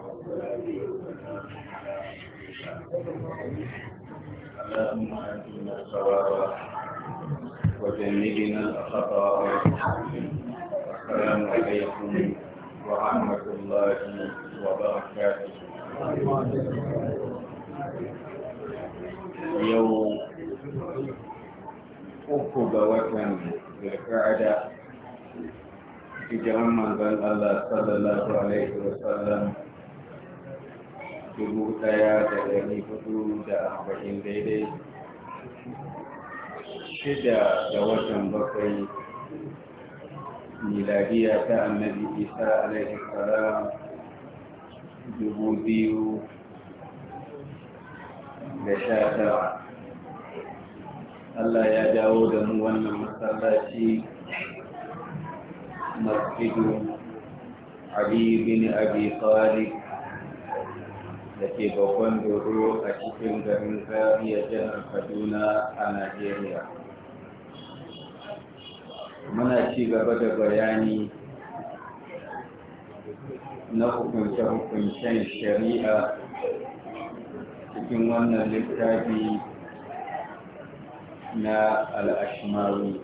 اللهم آتنا الصواب وجنبنا الخطأ السلام عليكم ورحمة الله وبركاته يوم uku ga watan zulka'ada hijiran manzon Allah sallallahu alaihi wasallam dubu daya da dari hudu da arba'in daidai shida da watan bakwai miladiya ta annabi isa alaihi salam dubu biyu da sha tara Allah ya dawo da mu wannan masallaci masjidu Ali bin Abi Talib da ke babban doro a cikin garin zariya jihar kaduna a najeriya muna ci gaba da bayani na hukunce-hukuncen shari'a cikin wannan littafi na al'ashimawi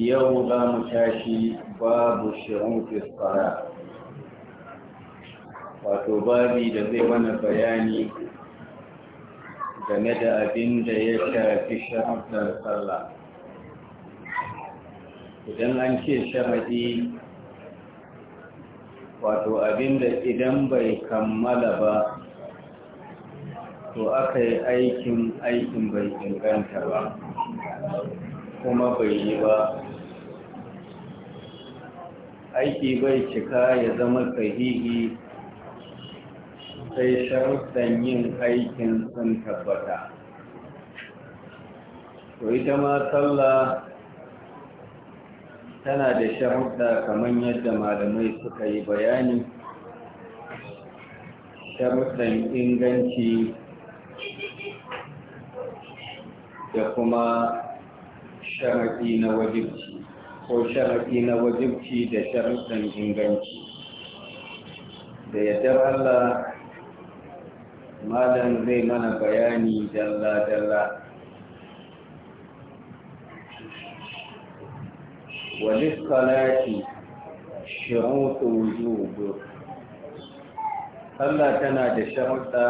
yau za mu tashi babu shirin fiskara wato babi da zai mana bayani game da abin da ya shafi sha'adar sallah idan an ce sha'adi wato abin da idan bai kammala ba to aka yi aikin aikin bai inganta ba kuma bai yi ba aiki bai cika ya zama sahihi sai sharuɗan yin aikin sun tabbata to ita ma sallah tana da sharuɗa kamar yadda malamai suka yi bayani sharuɗan inganci da kuma sharaɗi na wajibci ko sharaɗi na wajibci da sharuɗan inganci da yadda Allah malam zai mana bayani dalla-dalla waliskalati shirutu wujubu Allah tana da sharuɗa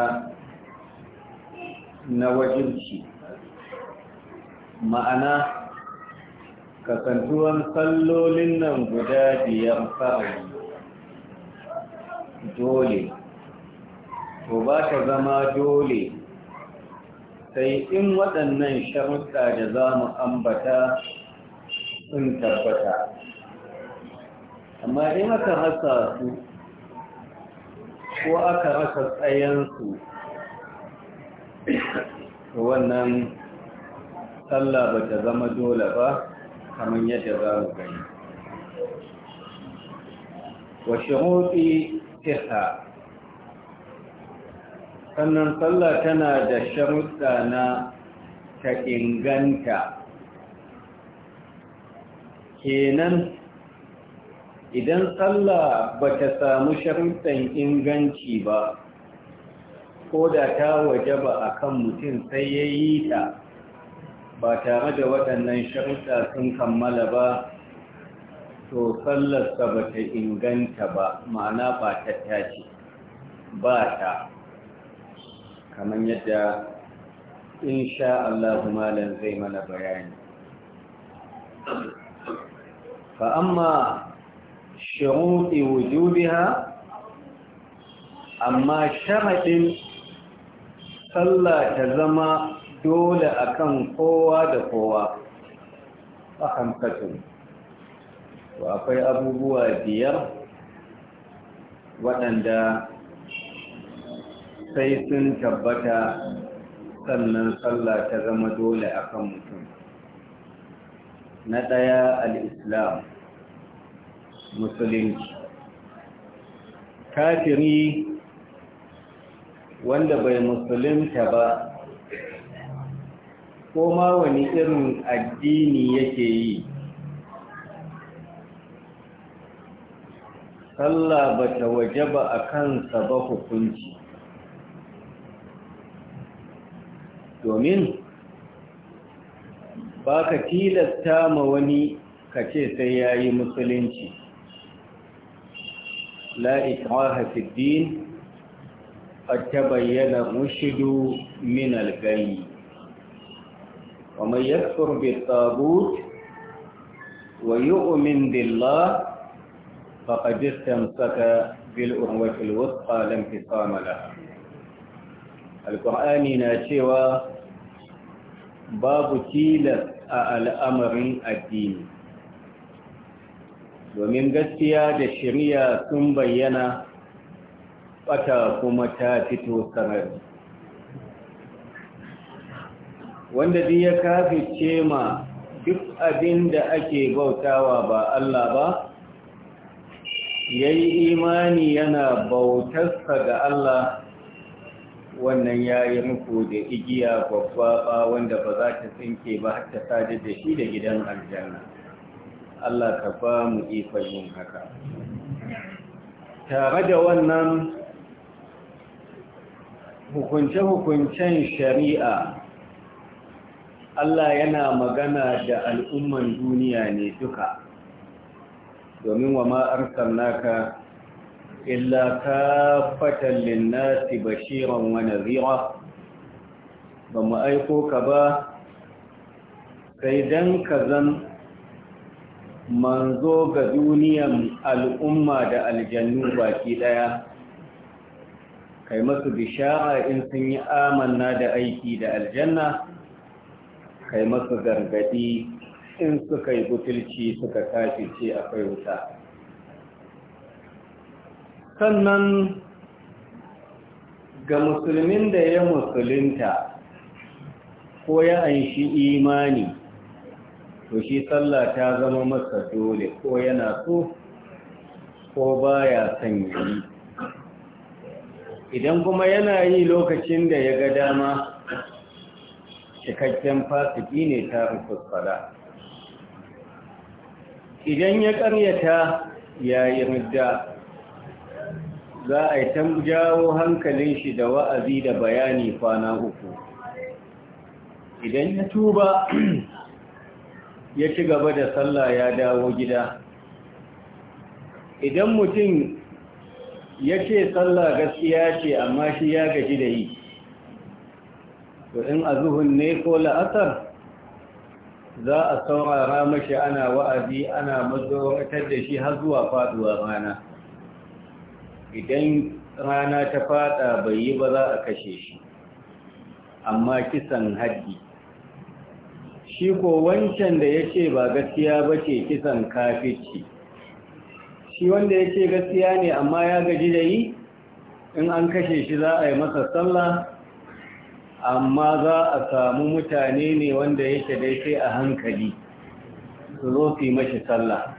na wajibci ma'ana kasantuwan sallolin nan guda biyar fa'ari dole to ba ta zama dole sai in waɗannan sharuɗa da za mu ambata sun tabbata amma in aka rasa su ko aka rasa tsayensu wannan sallah ba ta zama dole ba kamar yadda za mu gani wa shi rufi sannan sallah tana da sharuɗa na ta inganta kenan idan sallah ba ta samu sharuɗan inganci ba ko da ta waje ba a kan mutum sai ya yi ta ba tare da waɗannan sharuɗa sun kammala ba to sallarsa ba ta inganta ba ma'ana ba ta tashi ba ta kamar yadda insha Allah malam zai mana bayani fa amma shuruɗi wujubiha amma sharaɗin sallah ta zama dole akan kowa da kowa a hankacin akwai abubuwa biyar waɗanda sai sun tabbata sannan sallah ta zama dole akan mutum na ɗaya al'islam musulunci kafiri wanda bai musulunta ba ko ma wani irin addini yake yi sallah ba ta waje ba a kansa ba hukunci domin ba ka tilasta ma wani ka ce sai ya yi musulunci la'ikraha fiddin a ta bayyana rushidu min algayi wa mai yakfur bi tsabut wa yu'min billah faqad istamsaka bil urwatil wusqa lam tisama laha alqur'ani na cewa babu tilas a al'amarin addini domin gaskiya da shirya sun bayyana bata kuma ta fito sarari wanda zai ya kafice ma duk abin da ake bautawa ba Allah ba yayi imani yana bautarsa ga Allah wannan ya yi muku da igiya babba wanda ba za ta tsinke ba har ta sadar da shi da gidan aljanna Allah ka ba mu ikon yin haka tare da wannan hukunce-hukuncen shari'a Allah yana magana da al'umman duniya ne duka domin wa ma'arkar naka illa ka fatallin nasi bashiran wani zira ba mu aiko ka ba kaidan kazan manzo ga duniyan al'umma da aljannu baki ɗaya, kai masu bishara in sun yi amanna da aiki da aljanna kai masu gargadi in suka yi butulci suka tashi ce akwai wuta sannan ga musulmin da ya musulunta ko ya anshi imani to shi sallah ta zama masa dole ko yana so ko baya son yi idan kuma yana yi lokacin da ya ga dama cikakken fasiki ne ta rufusfada idan ya karyata ya yi za a yi tan jawo hankalin shi da wa'azi da bayani kwana uku idan ya tuba ya ci gaba da sallah ya dawo gida idan mutum ya ce sallah gaskiya ce amma shi ya gaji da yi to in a zuhun ne ko la'asar za a saurara mashi ana wa'azi ana mazauratar da shi har zuwa faduwa rana idan rana ta fada bai yi ba za a kashe shi amma kisan haddi shi ko wancan da ya ce ba gaskiya ba ce kisan kafici shi wanda ya gaskiya ne amma ya gaji da yi in an kashe shi za a yi masa sallah amma za a samu mutane ne wanda yake dai sai a hankali su zo fi mashi sallah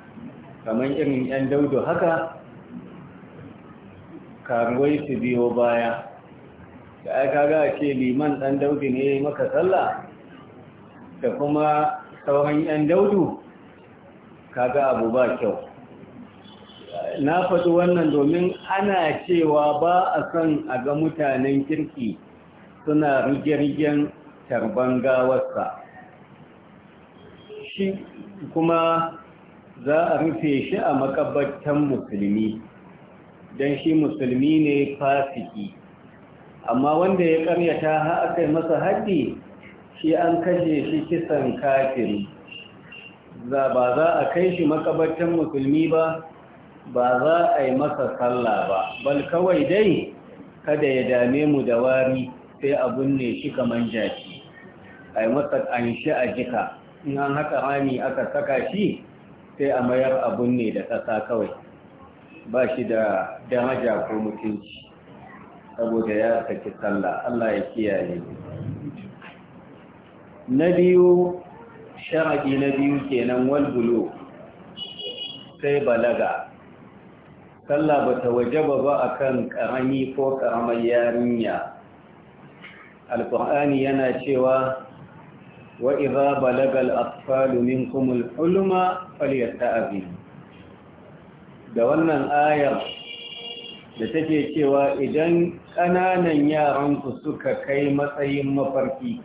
kamar irin 'yan daudu haka karuwai su biyo baya da aka ga ce liman ɗan daudu ne maka sallah da kuma sauran 'yan daudu kaga abu ba kyau na faɗi wannan domin ana cewa ba a son a ga mutanen kirki suna rige tarban gawarsa shi kuma za a rufe shi a makabbatan musulmi don shi musulmi ne fasiki amma wanda ya karyata ha aka yi masa haddi shi an kashe shi kisan kafiri za ba za a kai shi makabartan musulmi ba ba za a yi masa sallah ba bal kawai dai kada ya dame mu da wari sai a binne shi kaman jaki a yi masa an shi a jika in an haka rami aka saka shi sai a mayar a binne da ƙasa kawai ba shi da daraja ko mutunci saboda ya saki sallah Allah ya kiyaye na biyu sharadi na biyu kenan wal bulu sai balaga sallah bata wajaba ba a kan ƙarami ko ƙaramar yarinya alqur'ani yana cewa wa idza balagal atfalu minkum al-hulma da wannan ayar da take cewa idan ƙananan yaranku suka kai matsayin mafarki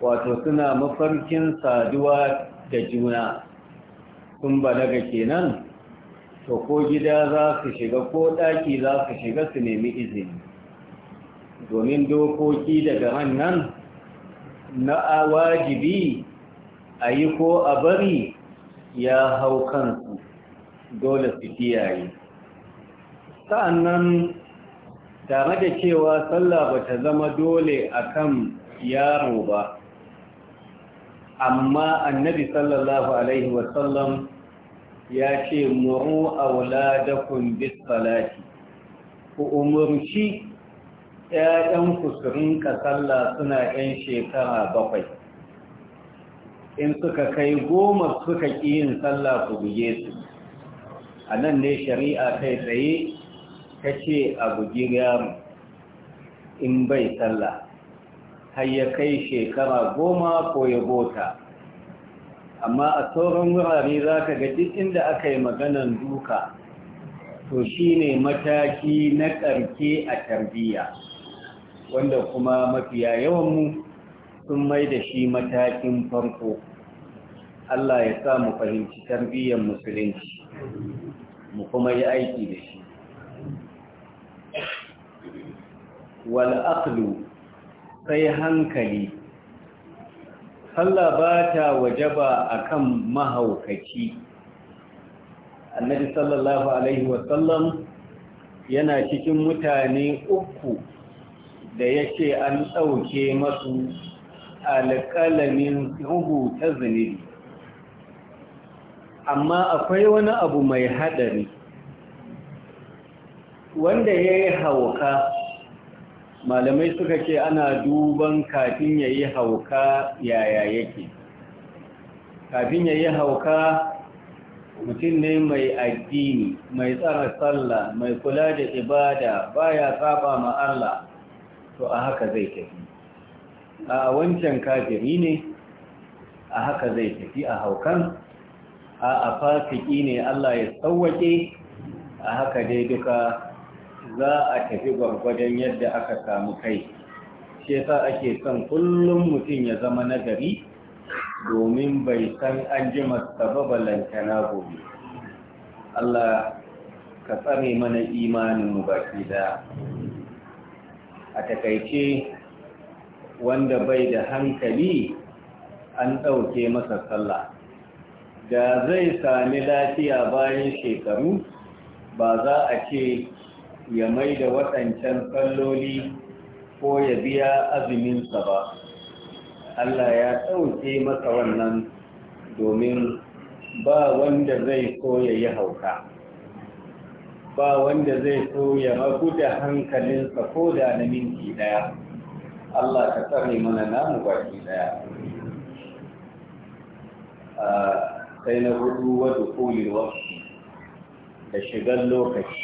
wato suna mafarkin saduwa da juna sun balaga kenan to ko gida za su shiga ko ɗaki za su shiga su nemi izini domin dokoki daga hannan na wajibi a yi ko a bari ya hau kansa. dole su kiyaye sa'annan tare da cewa sallah ba ta zama dole akan yaro ba amma annabi sallallahu alaihi wasallam ya ce muru auladakum bis salati ku umurci ‘ya'yanku su rinka sallah suna ‘yan shekara bakwai in suka kai goma suka ƙi yin sallah ku buge su a nan ne shari'a kai tsaye ta ce a bugi yaro in bai sallah har ya kai shekara goma ko ya bota amma a sauran wurare za ka ga duk inda aka yi maganan duka to shi ne mataki na ƙarke a tarbiyya wanda kuma mafiya yawanmu sun mai da shi matakin farko Allah ya sa mu fahimci tarbiyyar musulunci mu kuma yi aiki da shi wal aqlu sai hankali sallah ba ta wajaba akan mahaukaci annabi sallallahu alaihi wasallam yana cikin mutane uku da yake an ɗauke masu alƙalamin rubuta zunubi amma akwai wani abu mai haɗari wanda ya yi hauka malamai suka ce ana duban kafin ya yi hauka yaya yake kafin ya yi hauka mutum ne mai addini mai tsara sallah mai kula da ibada baya saba ma Allah to a haka zai tafi a wancan kafiri ne a haka zai tafi a haukan a fasiki ne Allah ya tsawake a haka dai duka za a tafi gwargwadon yadda aka samu kai shi ake son kullum mutum ya zama nagari domin bai san an ji masababalanta na gobe Allah ka tsare mana imaninmu baki da a takaice wanda bai da hankali an ɗauke masa sallah da zai sami lafiya bayan shekaru ba za a ce ya mai da waɗancan salloli ko ya biya azuminsa ba Allah ya ɗauke masa wannan domin ba wanda zai so ya yi hauka ba wanda zai so ya magu da hankalinsa ko da na minti ɗaya Allah ka tsare mana namu baki ɗaya ah, sai na hudu wa dukulil waqti da shigar lokaci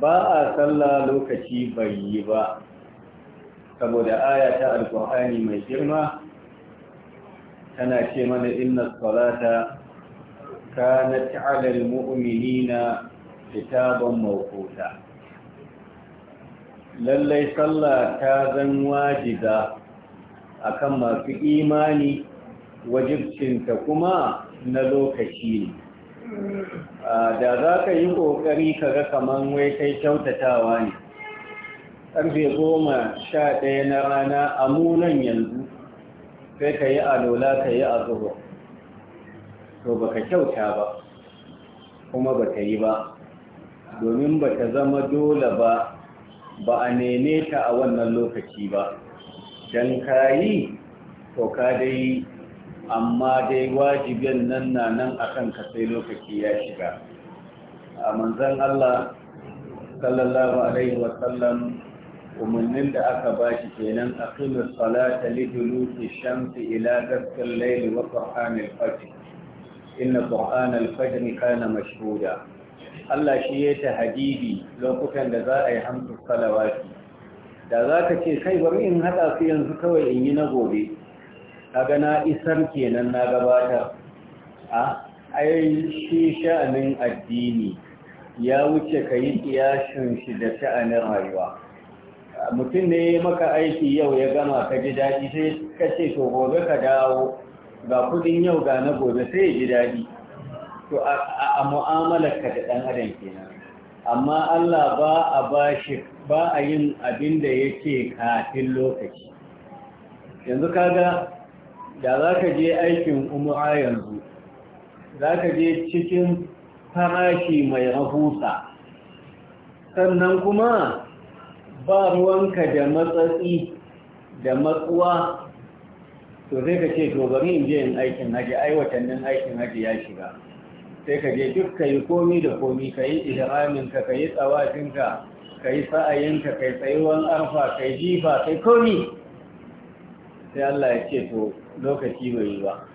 ba a sallah lokaci bai yi ba saboda aya ta alkur'ani mai girma tana ce mana inna salata na 'ala al-mu'minina kitaban mawquta lallai sallah ta zan a akan masu imani wajibcinta kuma na lokaci ne da za ka yi ƙoƙari ka ga kamar wai kai kyautatawa ne ƙarfe goma sha ɗaya na rana a munan yanzu sai ka yi alola ka yi a zuwa to ba ka kyauta ba kuma ba ka yi ba domin ba ta zama dole ba ba a neme ta a wannan lokaci ba don ka yi to ka dai amma dai wajibin nan na nan a kanka sai lokaci ya shiga a manzan Allah sallallahu alaihi wasallam umarnin da aka ba shi kenan a kuma salata liduluki shamsi ila gaskar laili wa ƙar'an alfajir inna ƙar'an alfajir kana mashhuda Allah shi ya ta hadidi lokutan da za a yi hamsu salawati da za ka ce kai bari in haɗa su yanzu kawai in yi na gobe kaga na isar kenan na gabata a ai shi sha'anin addini ya wuce ka yi kiyashin shi da sha'anin rayuwa mutum ne maka aiki yau ya gama ka ji daɗi sai ka ce to gobe ka dawo ga kudin yau ga na gobe sai ya ji daɗi to a mu'amalar ka da ɗan adam kenan amma Allah ba a bashi ba a yin abin da yake kafin lokaci yanzu kaga da za ka je aikin umra yanzu za ka je cikin farashi mai rahusa sannan kuma ba ruwanka da matsatsi da matsuwa to sai ka ce to bari in je yin aikin haji ai watannin aikin haji ya shiga sai ka je duk ka yi komi da komi ka yi ihraminka ka yi tsawafinka ka yi sa'ayinka ka yi tsayuwan arfa ka yi jifa ka yi komi sai Allah ya ce to lokaci bai yi ba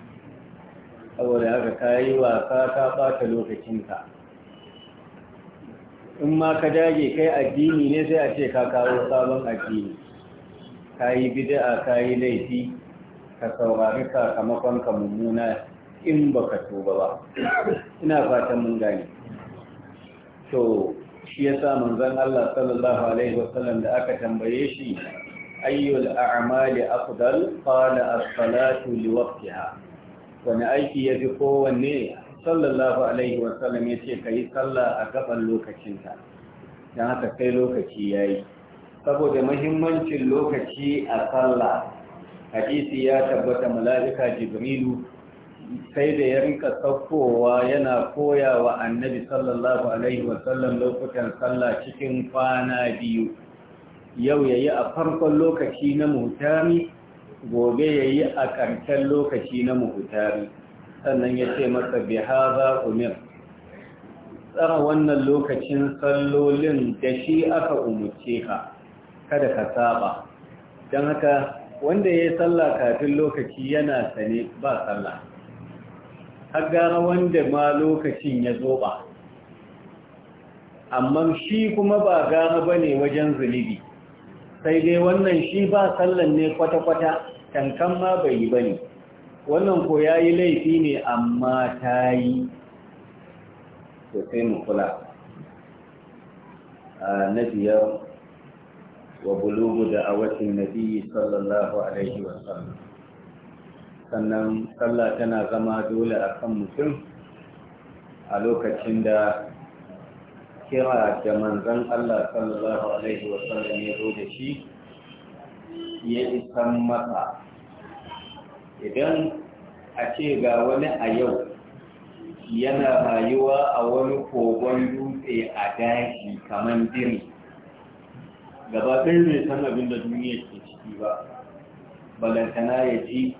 saboda haka ka yi wasa ka ɓata lokacinka in ma ka dage kai addini ne sai a ce ka kawo sabon addini ka yi bid'a ka yi laifi ka saurari sakamakon ka mummuna in ba ka tuba ba ina fatan mun gane to shi ya sa manzon Allah sallallahu alaihi wasallam da aka tambaye shi ayyul a'amali afdal qala as-salatu li waqtiha wani aiki yafi kowanne sallallahu alaihi wa sallam yace kai sallah a gaban lokacinka dan haka kai lokaci yayi saboda mahimmancin lokaci a sallah hadisi ya tabbata malaika jibrilu sai da ya rinka saukowa yana koyawa annabi sallallahu alaihi wa sallam lokutan sallah cikin kwana biyu yau ya yi a farkon lokaci na muhutari gobe ya yi a ƙarshen lokaci na muhutari, sannan ya ce masa biha za umir tsara wannan lokacin sallolin da shi aka umarce ka kada ka saba don haka wanda ya yi sallah kafin lokaci yana sane ba sallah har gara wanda ma lokacin ya zo ba amma shi kuma ba gara ba ne wajen zunubi sai dai wannan shi ba sallan ne kwata-kwata tankan ma bai yi ba ne wannan ko ya yi laifi ne amma ta yi to sai mu kula a na biyar wa bulugu da a watan nabi sallallahu alaihi wasallam sannan sallah tana zama dole a kan mutum a lokacin da kira da manzan Allah sallallahu Alaihi wasallam ya zo da shi ya isan masa idan a ce ga wani a yau yana rayuwa a wani kogon dutse a daji kamar diri gaba ɗin mai san abin da duniya ke ciki ba balantana ya ji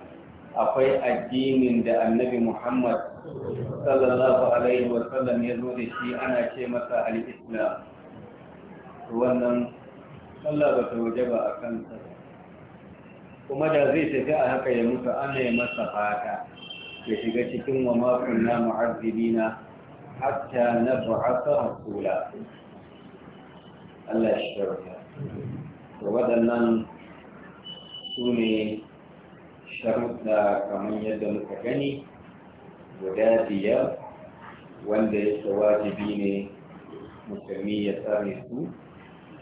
akwai addinin da annabi muhammad sallallahu alaihi wa sallam ya zo da shi ana ce masa al-islam wannan sallah ba ta waje ba a kansa kuma da zai tafi a haka ya mutu ana ya masa fata ya shiga cikin wa makon na mu'azzibina hatta na bu'asa rasula Allah shi barka Da waɗannan su ne sharuɗa kamar yadda muka gani guda biyar wanda yake wajibi ne musulmi ya tsare su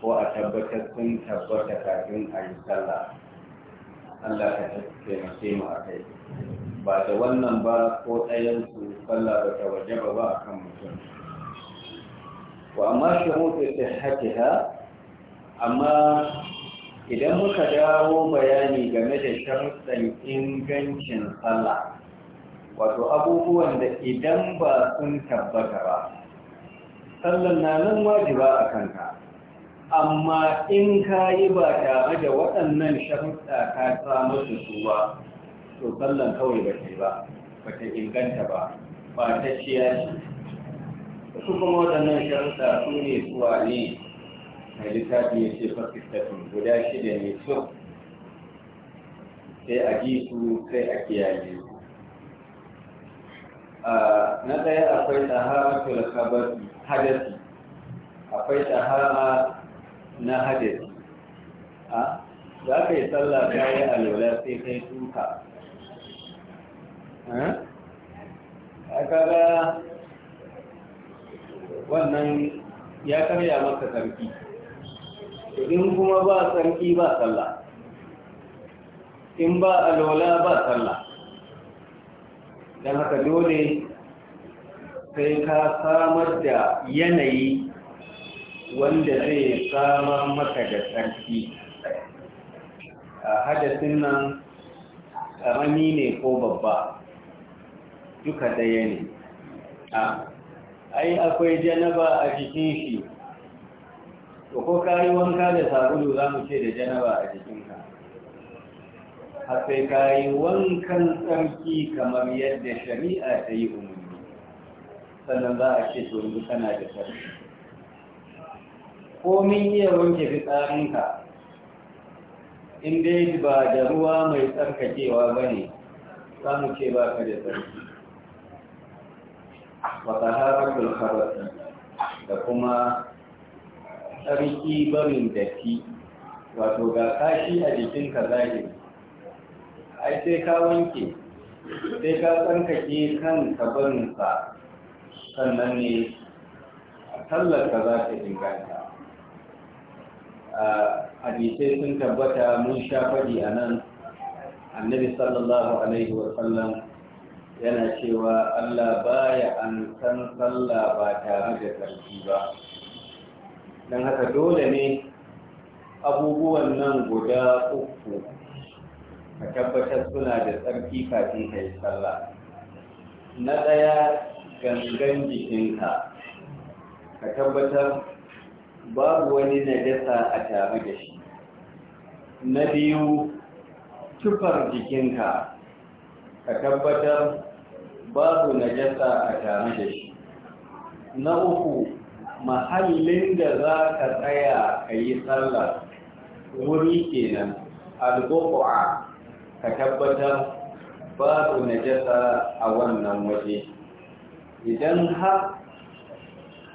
ko a tabbatar sun tabbata kafin a yi sallah Allah ka taimake mu a kai ba da wannan ba ko ɗayansu sallah ba ta waje ba ba a kan mutum wa amma ta. amma idan muka dawo bayani game da sharuɗan ingancin sallah wato abubuwan da idan ba sun tabbata ba sallan na nan wajiba a kanka amma in ka yi ba tare da waɗannan sharuɗa ka samu su to sallan kawai ba ta ba ba ta inganta ba ba ta ciya shi su kuma waɗannan sharuɗa su ne suwa ne a littafi ya ce fasikatun guda shida ne su sai a ji su sai a kiyaye su na ɗaya akwai tsaharatul hadasi akwai tsahara na hadasi za ka yi tsalla ta yi alola sai kai tuka a kaga wannan ya karya maka sarki in kuma ba sarki ba tsalla in ba lola ba tsalla don haka dole sai ka samar da yanayi wanda zai samar maka da tsarki a hadasin nan karami ne ko babba duka daya ne a ai akwai janaba a jikin shi ko kayi wanka da sabulu za mu ce da janaba a jikinka har sai ka yi wankan tsarki kamar yadda shari'a ta yi umarni sannan za a ce to yanzu kana da tsarki komin iya wanke fitsarinka in dai ba da ruwa mai tsarkakewa ba ne za mu ce ba ka da tsarki wa taharar bulhararsa da kuma tsarki barin datti wato ga kashi a jikinka zahiri ai sai ka wanke sai ka tsankake kan kabarinsa sannan ne a sallarka za ta inganta hadisai sun tabbata mun sha faɗi a nan annabi sallallahu alaihi wa sallam yana cewa Allah baya an san sallah ba tare da sarki ba don haka dole ne abubuwan nan guda uku ka tabbatar suna da tsarki kafin ka yi sallah na ɗaya gangan jikinka ka tabbatar babu wani najasa a tare da shi na biyu tufar jikinka ka tabbatar babu najasa a tare da shi na uku mahallin da za ka tsaya ka yi sallah wuri kenan al ka tabbatar babu najasa a wannan waje idan har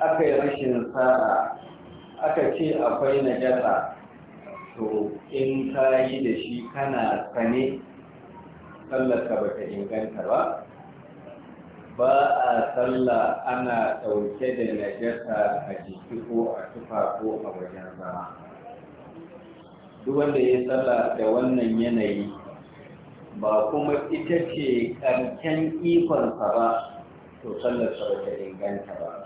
aka yi rashin sa'a aka ce akwai najasa to in ka yi da shi kana sane sallarka ba ta inganta ba ba a sallah ana ɗauke da najasa a jiki ko a tufa ko a wajen zama duk wanda ya sallah da wannan yanayi ba kuma ita ce ƙarken ikonsa ba to sallarsa ba ta inganta ba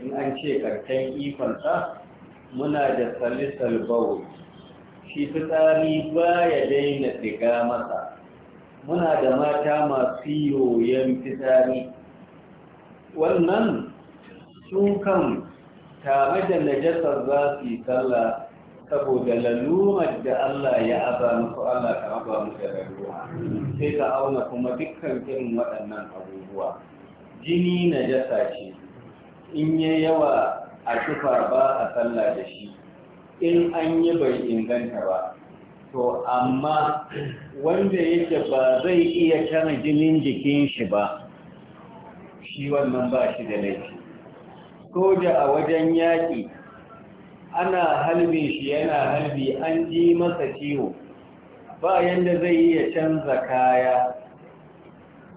in an ce ƙarken ikonsa muna da salisal bau shi fitsari ba ya daina diga masa muna da mata masu yoyon fitsari wannan sukan tare da najasar za su yi sallah saboda lalurar da Allah ya aza muku Allah ka aza muku ruwa, sai ka auna kuma dukkan irin waɗannan abubuwa jini na jasa ce in yi yawa a shufa ba a sallah da shi in an yi bai inganta ba to amma wanda yake ba zai iya tara jinin jikin shi ba shi wannan ba shi da laifi ko da a wajen yaƙi ana halbin shi yana halbi an ji masa ciwo ba yanda zai iya canza kaya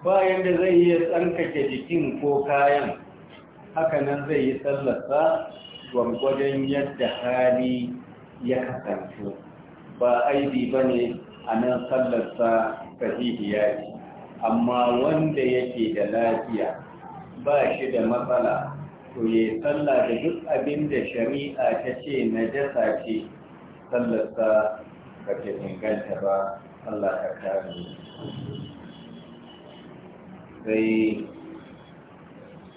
ba yanda zai iya tsarkake jikin ko kayan hakanan zai yi tsallasa gwamgwajen yadda hali ya kasance ba aibi ba ne a nan tsallasa sahihiya ce amma wanda yake da lafiya ba shi da matsala to ya sallah da duk abin da shari'a ta ce na jasa ce sallarsa ba ta inganta ba Allah ka kare sai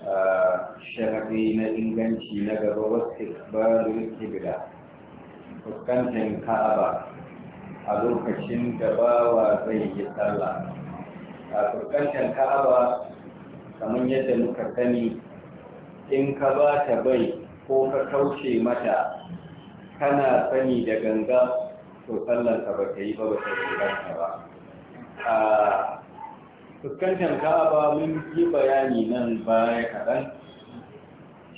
a ah, na inganci na gaba wasu barin gida. fuskantar ka'aba a lokacin gabawa zai yi sallah a fuskantar ka'aba kamar yadda muka sani in ka ba ta bai ko ka kauce mata kana sani da ganga to sallanka ba ta yi ba ba ta shirarka ba a fuskantar ka'aba mun yi bayani nan baya kaɗan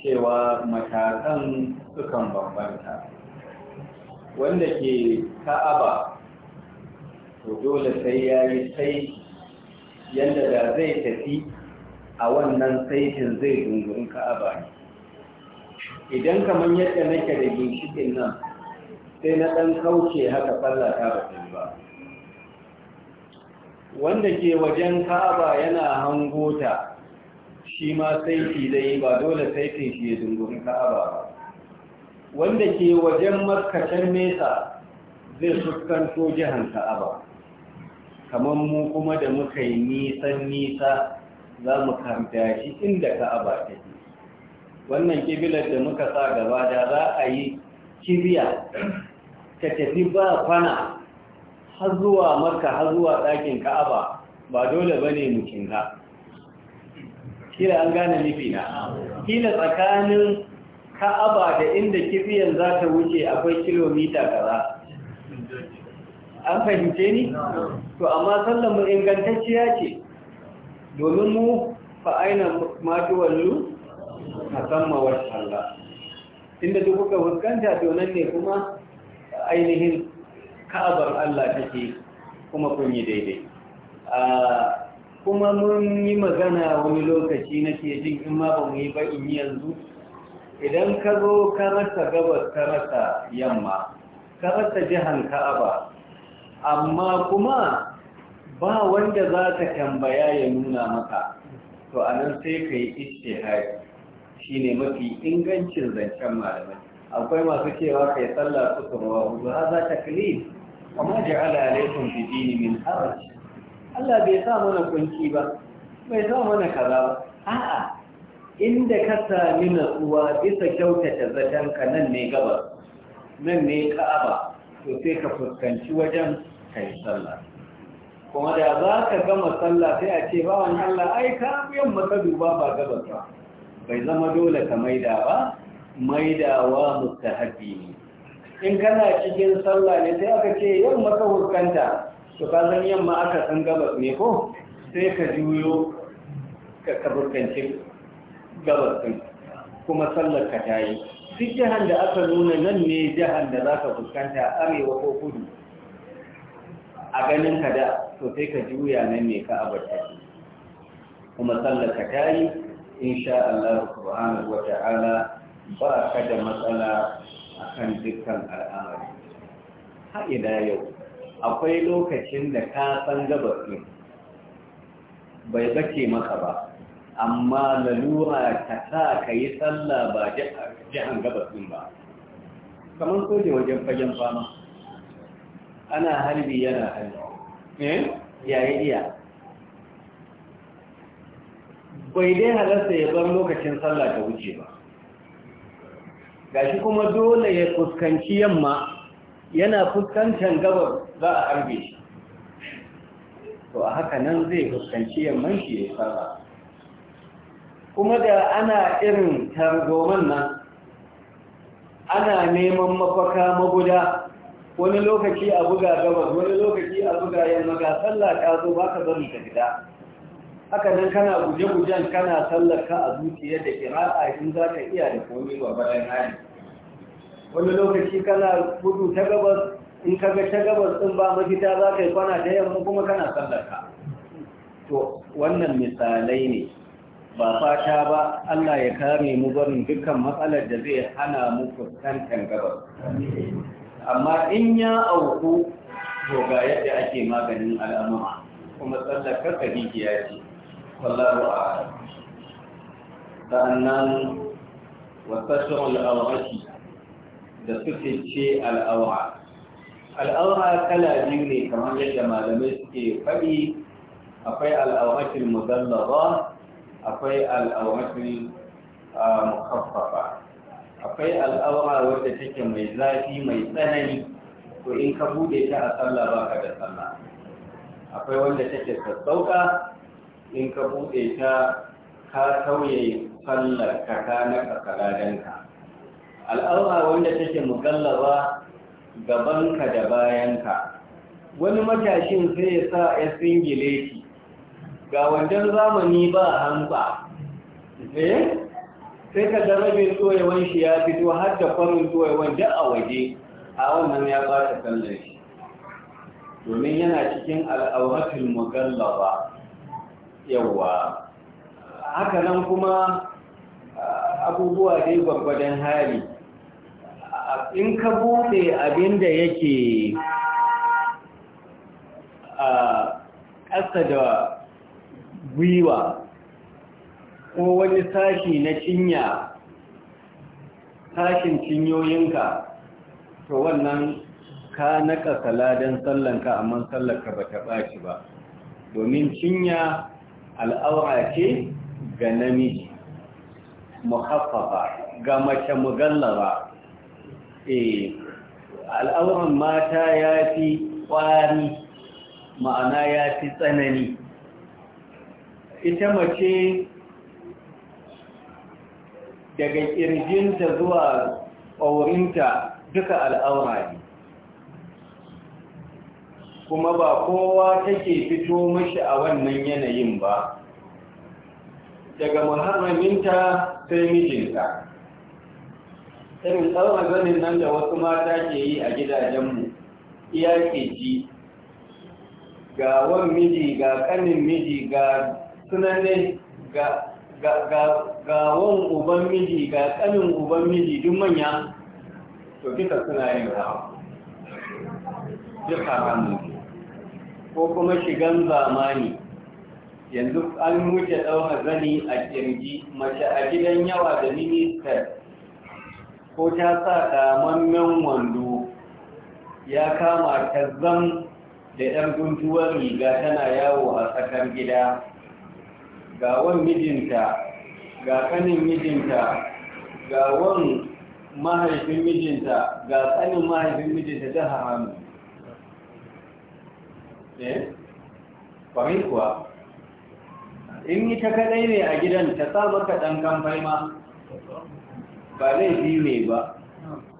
cewa matakan sukan bambanta wanda ke ka'aba to dole sai ya yi sai yadda da zai tafi a wannan saitin zai dungurin ka'aba ne idan kamar yadda nake da ginshikin nan sai na ɗan kauce haka tsallata ba ta ba wanda ke wajen ka'aba yana hangota, ta shi ma saiti zai ba dole saitin shi ya dungurin ka'aba ba wanda ke wajen maskacin nesa zai fuskanto jihar ka'aba kamar mu kuma da muka yi nisan nisa za mu karta shi inda ka'aba take wannan kibilar da muka sa gaba da za a yi kibiya ta tafi ba kwana har zuwa marka har zuwa ɗakin ka'aba ba dole ba ne mukin ha kila an gane nufi na kila tsakanin ka'aba da inda kibiyan za ta wuce akwai kilomita kaza an fahimce ni? to amma sallan mu ingantacciya ce domin mu fa aina matu a kan wata Allah inda duk kuka fuskanta to nan ne kuma ainihin ka'abar Allah take kuma kun yi daidai kuma mun yi magana wani lokaci nake jin in ma ba mu yi ba in yi yanzu idan ka zo ka rasa gabas ka rasa yamma ka rasa jihan ka'aba amma kuma ba wanda za ka tambaya ya nuna maka to a nan sai ka yi ishtihari shi ne mafi ingancin zancen malamai akwai masu cewa kai sallah su kuma wa ha za ta kali maji ja'ala sun fi dini min harashi Allah bai sa mana kunci ba bai sa mana kaza ba a'a inda ka sami natsuwa bisa kyautata ka nan ne gaba nan ne ka'aba to sai ka fuskanci wajen kai sallah kuma da za ka gama sallah sai a ce ba wani Allah ai ka biyan duba ba gabas ba bai zama dole ka maida ba maidawa mustahabi ne in kana cikin sallah ne sai aka ce yau maka hurkanta to ka san yamma aka san gabas ne ko sai ka juyo ka kaburkanci gabas sai, kuma sallar ka ta yi duk jihar da aka nuna nan ne jihar da za ka fuskanta arewa ko kudu a ganin ka da to sai ka juya nan ne ka abarta kuma sallaka ta yi insha Allah subhanahu wa ta'ala ba ka da matsala akan dukkan al'amari ha yau akwai lokacin da ka san gabasin bai bace maka ba amma lalura ta sa ka yi sallah ba jihan gabas ɗin ba kamar soje wajen fagen fama ana halbi yana halbi eh? yayi iya bai dai halarta ya bar lokacin sallah ta wuce ba gashi kuma dole ya fuskanci yamma yana fuskantar gabar za a harbe shi to a haka nan zai fuskanci yamman shi ya fara. kuma da ana irin tarzoman nan ana neman mafaka maguda wani lokaci a buga gabas wani lokaci a buga yamma ga sallah ta zo ba ka bari ta gida haka nan kana guje-gujen kana sallar ka a zuciya da kira'a in za ka iya da komi wa bayan hali wani lokaci kana gudu ta gabas in ka ga ta gabas din ba mafita za ka yi kwana ta yamma kuma kana sallar ka to wannan misalai ne ba fata ba Allah ya kare mu barin dukkan matsalar da zai hana mu fuskantar gabas amma in ya auku to ga yadda ake maganin al'amura kuma tsallakar kadijiya ce wallahu a'lam sa'annan wasashar al'aurashi da suke ce al'aura al'aura kala biyu ne kamar yadda malamai suke faɗi akwai al'aurashin muzallaba akwai al'aurashin ah, mukaffafa akwai al'aura wadda take mai zafi mai tsanani ko in ka bude ta a sallah ba ka da sallah akwai wanda take sassauka in ka bude ta ka sauye sallar ka ta na kakaladanka al'aura wanda take mugallaba gabanka da bayanka wani matashin sai ya sa ya singile shi ga wajen zamani ba hanba eh? sai ka da rabin tsoyewan shi ya fito har da farin tsoyewan da a waje a wannan ya ba ta kallon shi domin yana cikin al'auratul mugallaba yawa haka nan kuma abubuwa dai gwaggwadon hali in ka bude abin da yake a ƙasa da gwiwa ko wani sashi na cinya sashin cinyoyinka to wannan ka naka saladan sallanka amma sallanka ba ta ɓaci ba domin cinya al'aura ce ga namiji muhaffafa ga mace mugallaba E al'auran mata ya fi ƙwari ma'ana ya fi tsanani ita mace daga ƙirjinta zuwa ƙaurinta duka al'aura ne kuma ba kowa take fito mashi a wannan yanayin ba daga muharraminta sai mijinta irin tsawon nan da wasu mata ke yi a gidajenmu iya ke ji ga wan miji ga kanin miji ga sunanne ga ga wan uban miji ga tsanin uban miji duk manya to kika suna yin rawa duk haramun ko kuma shigan zamani yanzu an wuce ɗaukar zani a kirji mace a gidan yawa da minister ko ta sa damammen wando ya kama ta da ɗan guntuwar riga tana yawo a tsakar gida ga wan mijinta ga kanin mijinta ga wan mahaifin mijinta ga kanin mahaifin mijinta ta haramu eh Kwarin kuwa in yi kadai ne a gidan ta sa maka dan kamfai ma ba laifi ne ba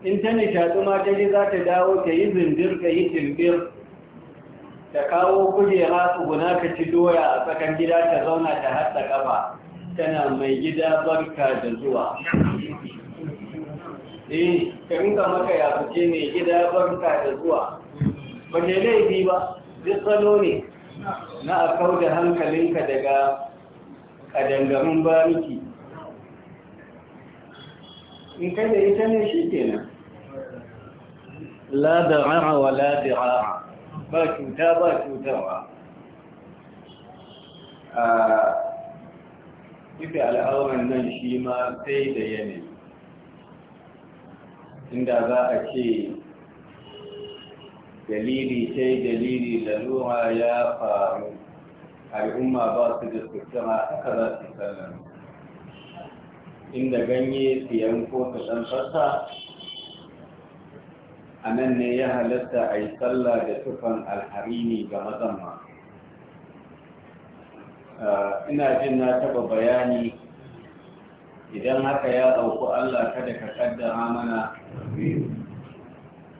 in ta nishaɗu ma ta ji za ta dawo ta yi zindir ka yi timbir ta kawo kujera tsuguna ka ci doya a tsakan gida ta zauna ta hatta ƙafa tana mai gida barka da zuwa eh ka maka ya fice mai gida barka da zuwa ba ne laifi ba duk salo ne na a kau da hankalinka daga ƙadangamin bariki in kai da ita ne shi kenan la da'a wa la da ba cuta ba cutarwa a duka al'auran nan shi ma sai da yanayi inda za a ce dalili sai dalili lalura ya faru al'umma ba su da sutura aka za su sallama. inda ganye siyan ko su ɗan fasa a nan ne ya halatta a yi sallah da tufan alharini ga mazan ma ina jin na taba bayani idan haka ya auku allah kada ka kaddara mana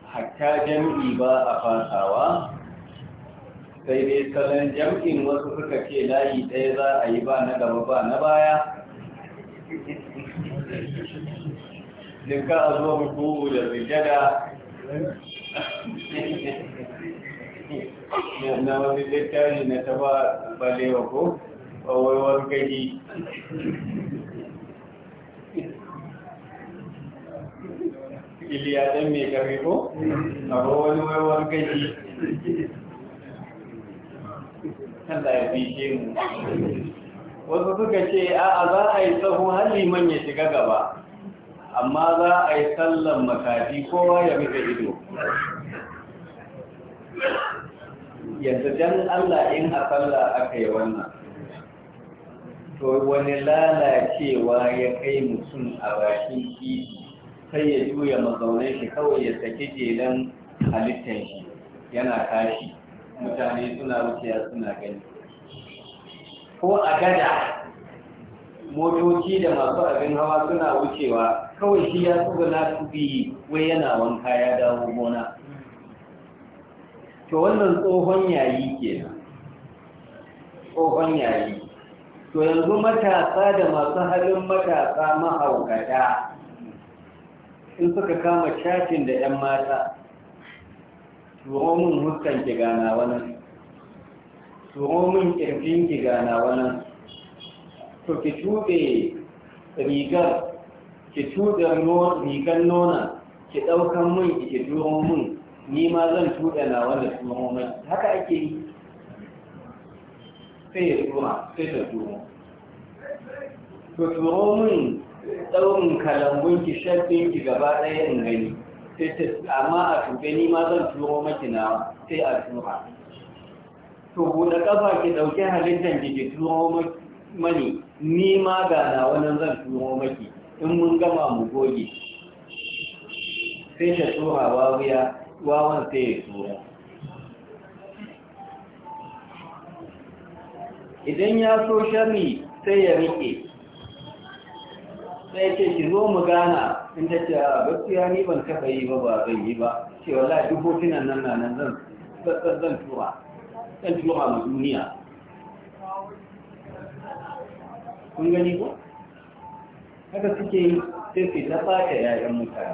hatta jam'i ba a fasawa sai dai salon jam'in wasu suka ce layi ɗaya za a yi ba na gaba ba na baya duka a zuwa hukuku da sujada na wani littafi na taba balewa ko wawaiwar gani iliya ɗan mai gari ko a wani wawaiwar gani Allah ya fice mu wasu suka ce a za a yi tsohon hali manya ya shiga gaba amma za a yi sallan makafi kowa ya rufe ido yanzu dan Allah in a sallah aka yi wannan to wani lalacewa ya kai mutum a bakin titi sai ya juya mazaunai shi kawai ya saki jelen halittar shi yana tashi mutane suna wuciya suna gani ko a gada motoci da masu abin hawa suna wucewa kawai shi ya na tubi wai yana wanka ya dawo gona to wannan tsohon yayi kenan tsohon yayi to yanzu matasa da masu halin matasa mahaukata in suka kama cacin da 'yan mata turomin huskan ki gana wani turomin ƙirfin ki gana wani to ki tuɓe rigar ki tuɓe rigar nona ki ɗaukan mun ki turon mun ni ma zan tuɗe na wanda turon mun haka ake yi sai ya tura sai ta turo to turo mun ɗaurin kalangun ki shafin ki gaba ɗaya in gani sai ta amma a tuɓe ni ma zan turo maki na sai a tura to bude kafa ki ɗauki halittar ki ki turo mani ni ma ga na wani zan turo maki in mun gama mu goge sai ta tura wawuya wawan sai ya tura idan ya so shari sai ya rike sai ce ki zo mu gana in ta ce gaskiya ni ban taba yi ba ba zan yi ba ce wala duk hotunan nan nan zan zan tura zan tura ma duniya kun gani ko haka suke yi sai su ta fata yayin mutane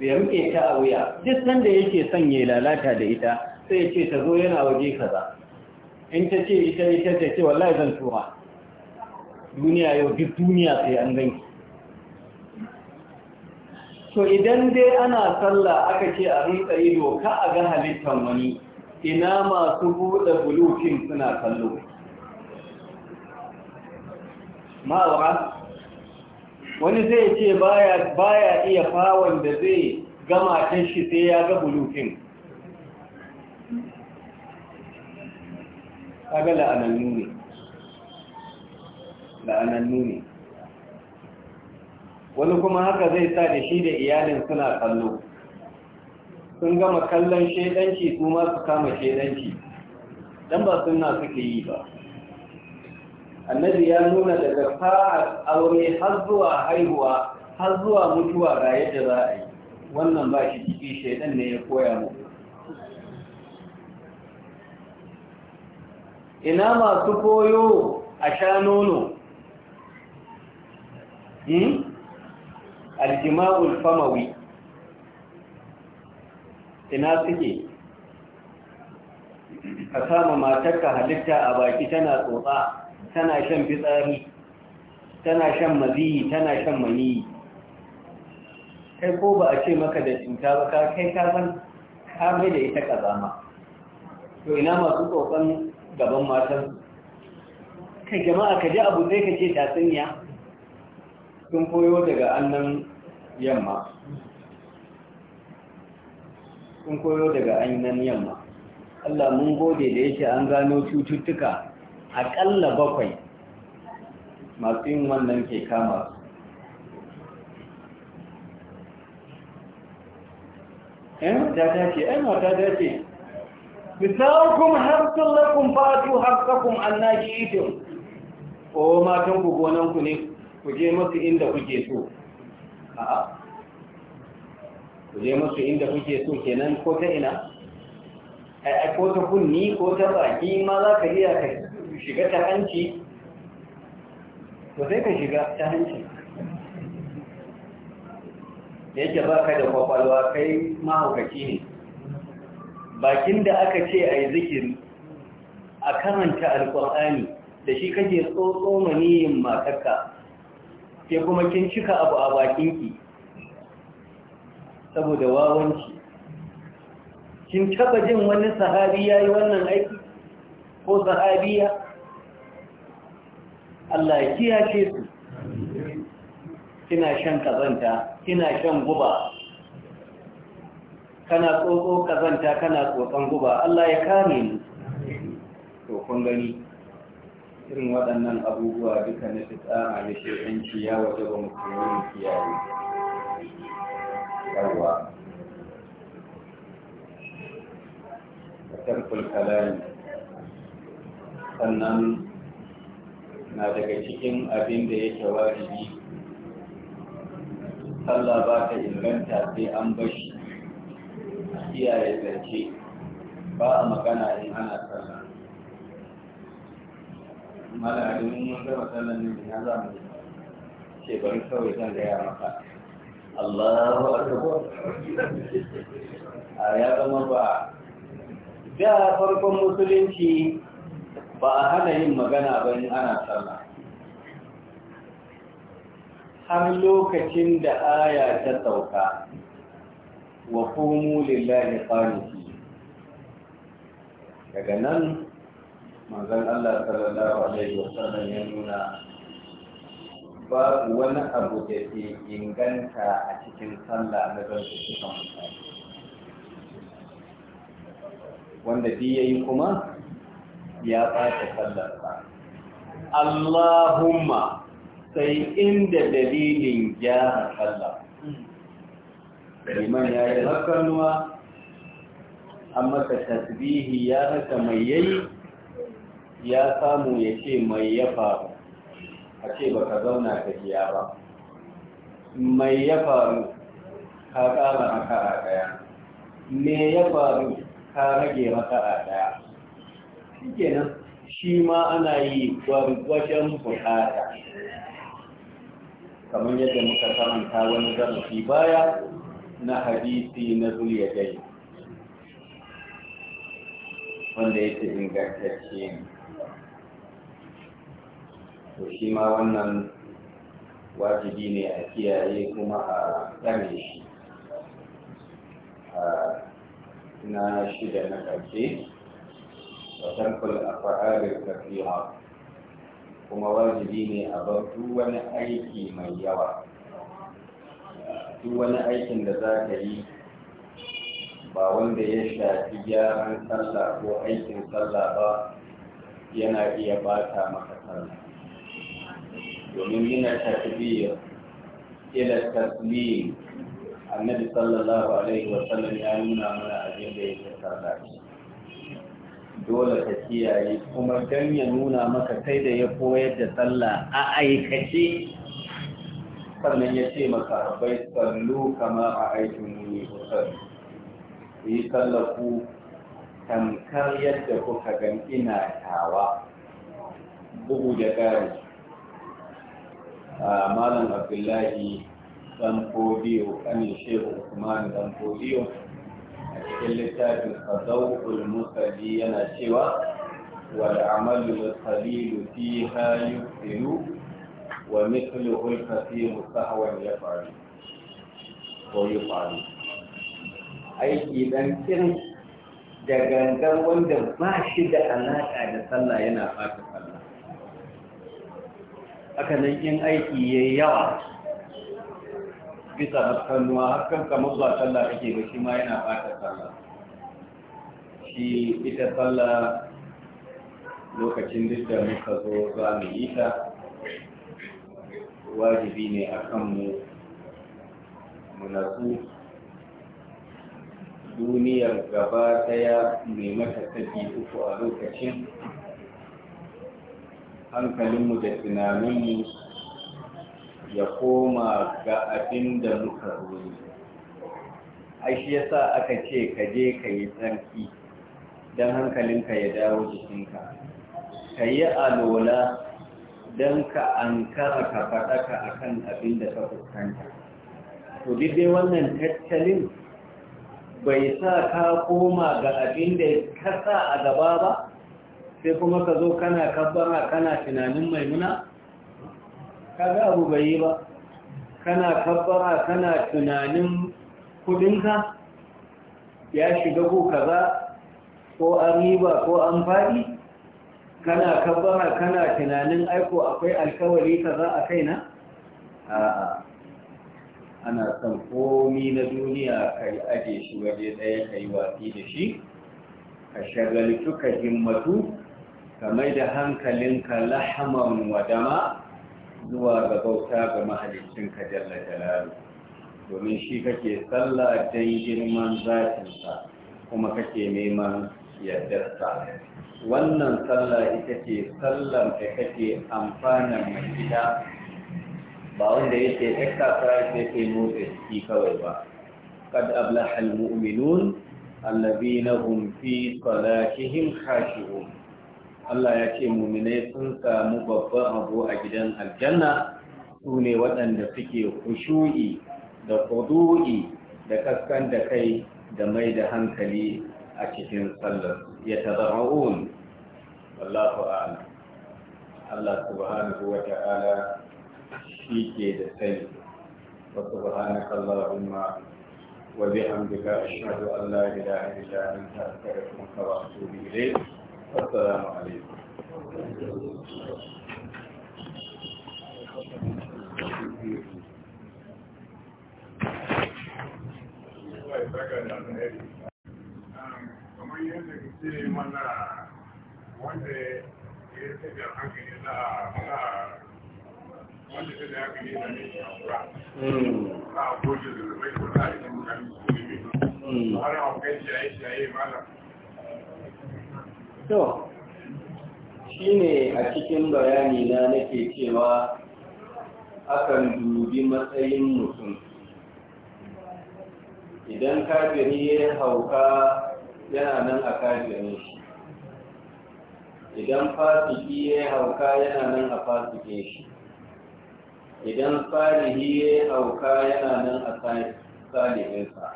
da muke ta a wuya duk sanda yake son ya lalata da ita sai ya ce ta zo yana waje kaza in ta ce ita ita ta ce wallahi zan tura duniya yau duk duniya sai an ganki to idan dai ana sallah aka ce a rutsa ido ka a ga halittar wani ina masu buɗe bulukin suna kallo ma'aura wani zai ce baya iya fawon da zai gama kan shi sai ya ga bulufin kaga la'anannu ne la'anannu ne wani kuma haka zai sa da shi da iyalin suna kallo sun gama kallon shedanci kuma su kama shedanci dan ba suna suke yi ba annabi ya nuna daga fa'ar aure har zuwa haihuwa har zuwa mutuwa ga yadda za a yi wannan ba shi ciki shaidan ne ya koya mu ina masu koyo a sha nono hmm? aljima'ul famawi ina suke ka sama matarka halitta a baki tana tsotsa tana shan fitsari tana shan maziyi tana shan maniyi kai ko ba a ce maka da cinta ba ka kai ka san ka da ita kazama to ina masu kokon gaban matan kai jama'a ka ji abu sai ka ce tatsuniya sun koyo daga annan yamma sun koyo daga annan yamma Allah mun gode da yake an gano cututtuka aƙalla bakwai masu yin wannan ke kama su ‘yan eh, ta dace ‘yan eh, mata dace misawakun harsun lakun fatu harsakun annaki itin o matan ku gonanku ne ku je masu inda kuke so a'a ku je masu inda kuke so kenan ko ta ina ko ta kunni ko ta baki ma za ka iya kai. shiga ta hanci to sai ka shiga ta hanci da yake ba ka da kwakwalwa kai mahaukaci ne bakin da aka ce a yi zikiri a karanta alkur'ani da shi kake tsotso maniyin matakka ke kuma kin cika abu a bakinki saboda wawanci kin taba jin wani sahabi ya yi wannan aiki ko sahabiya Allah ya kiyace su kina shan kazanta kina shan guba kana tsotso kazanta kana tsotson guba Allah ya kame ni to kun gani irin waɗannan abubuwa duka na fitsara da shekanci ya waje ba musulmi kiyaye yawa da tarkul sannan na daga cikin abin da yake wajibi sallah ba ta inganta sai an bashi kiyaye zarce ba a magana in ana sallah Mana domin mun gama sallan ne ya za mu ce bari kawai zan gaya maka Allahu akbar a ya zama ba da farkon musulunci ba a hana yin magana ba ne ana tsalla. har lokacin da aya ta sauka wa qumu lillahi qanitin daga nan manzon Allah sallallahu alaihi wasallam ya nuna ba wani abu da ke inganta a cikin sallah na zantukan mutane wanda biyayi yayi kuma ya ɓata ba Allahumma sai inda dalilin gyara sallar liman ya yi hakanuwa an masa tasbihi ya haka mai yayi ya samu ya ce mai ya faru a ce ba ka zauna ka biya ba mai ya faru ka ƙara a ɗaya me ya faru ka rage a ɗaya shi kenan shi ma ana yi wajen bukata kamar yadda muka karanta wani zarafi baya na hadisi na zuliya dai wanda yake ingantacce to shi ma wannan wajibi ne a kiyaye kuma a tsare shi a na shida na karshe وترك الأفعال الكثيرة kuma wajibi ne a bar su wani aiki mai yawa Su wani aikin da za ka yi ba wanda ya shafi gyaran sallah ko aikin sallah ba yana iya bata maka sallah domin yana takbir ila taslim annabi sallallahu alaihi wa ya nuna mana abin da yake sallah dole ka kiyaye kuma don ya nuna maka kai da ya koyar da sallah a aikace sannan ya ce maka bai sallu kama a aikin ne kusan yi sallaku tamkar yadda kuka gan ina tawa bugu da ƙari a malam abdullahi dan fodiyo kanin shehu usman dan fodiyo a cikin littafin sadauƙul musali yana cewa wal amalu salilu fiha filu, wa mithluhu al-kasiru sahwan yaf'alu ko faru. aiki dan kin da gangan wanda ba shi da alaƙa da sallah yana fata sallah haka nan in aiki yayi yawa bisa haskannuwa haskan kamar ba tsalla ake ba shi ma yana fata tsalla shi ita tsalla lokacin duk da muka zo za mu yi ta wajibi ne a kanmu mu natsu duniyar gaba daya mai mata uku a lokacin hankalinmu da tunaninmu ya koma ga abin da muka roni shi ya sa aka ce ka je ka yi tsarki don hankalinka ya dawo jikinka ka yi alola don ka an kara ka faɗaka a kan abin da ka fuskanta to dai wannan tattalin bai sa ka koma ga abin da ka sa a gaba ba sai kuma ka zo kana kabbara kana tunanin maimuna kaga abu bai yi ba kana kabbara kana tunanin kudinka ya shiga ko kaza ko an riba ko an faɗi kana kabbara kana tunanin aiko akwai alkawari kaza a kaina a'a ana son komi na duniya ka yi aje shi waje ɗaya kai watsi da shi ka shagaltu ka himmatu ka mai da hankalinka lahaman wadama zuwa ga bauta ga mahaliccin ka jalla jalalu domin shi kake sallah don girman zatinsa kuma kake neman yardarsa wannan sallah ita ce sallar da kake amfanar mai gida ba wanda yake exercise yake motsa jiki kawai ba قد أبلح المؤمنون الذين هم في صلاتهم خاشعون Allah ya ce muminai sun samu babban abu a gidan aljanna su ne waɗanda suke kushu'i da kudu'i da kaskan da kai da mai da hankali a cikin sallar ya tazara'un wallahu a'lam Allah subhanahu wa ta'ala shi ke da sani wa subhanaka Allahumma وبحمدك أشهد أن لا إله إلا أنت أستغفرك وأتوب إليك السلام عليكم kamar yadda ka ce mana wanda ya wanda ta da na ne kura a da a mutane su ne mai har a to shine a cikin bayani na nake cewa akan dubi matsayin mutum idan kafiri ya hauka yana nan a kafirin shi idan fasiki ya hauka yana nan a fasikin shi idan salihi ya hauka yana nan a salihinsa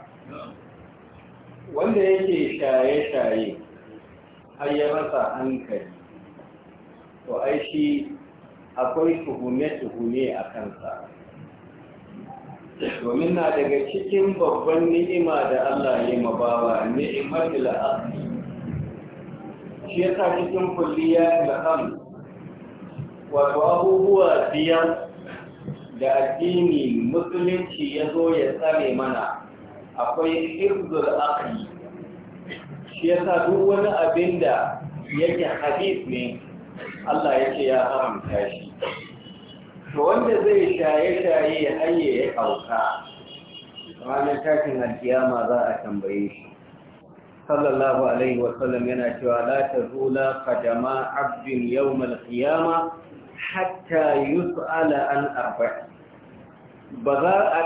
wanda yake shaye-shaye har ya rasa hankali to ai shi akwai tuhume-tuhume a kansa domin na daga cikin babban ni'ima da Allah ya bawa ni'imar la'afi shi ya sa cikin kulliya la'am wato abubuwa biyan da addini musulunci ya zo ya tsare mana akwai hirzul aqli shi sa duk wani abin da yake hadith ne Allah yake ya haramta shi to wanda zai shaye-shaye ya haye ya hauka ranar tashin alkiyama za a tambaye shi sallallahu alaihi wasallam yana cewa la tazula qadama abdin yawm alqiyama hatta yus'ala an arba'a ba za a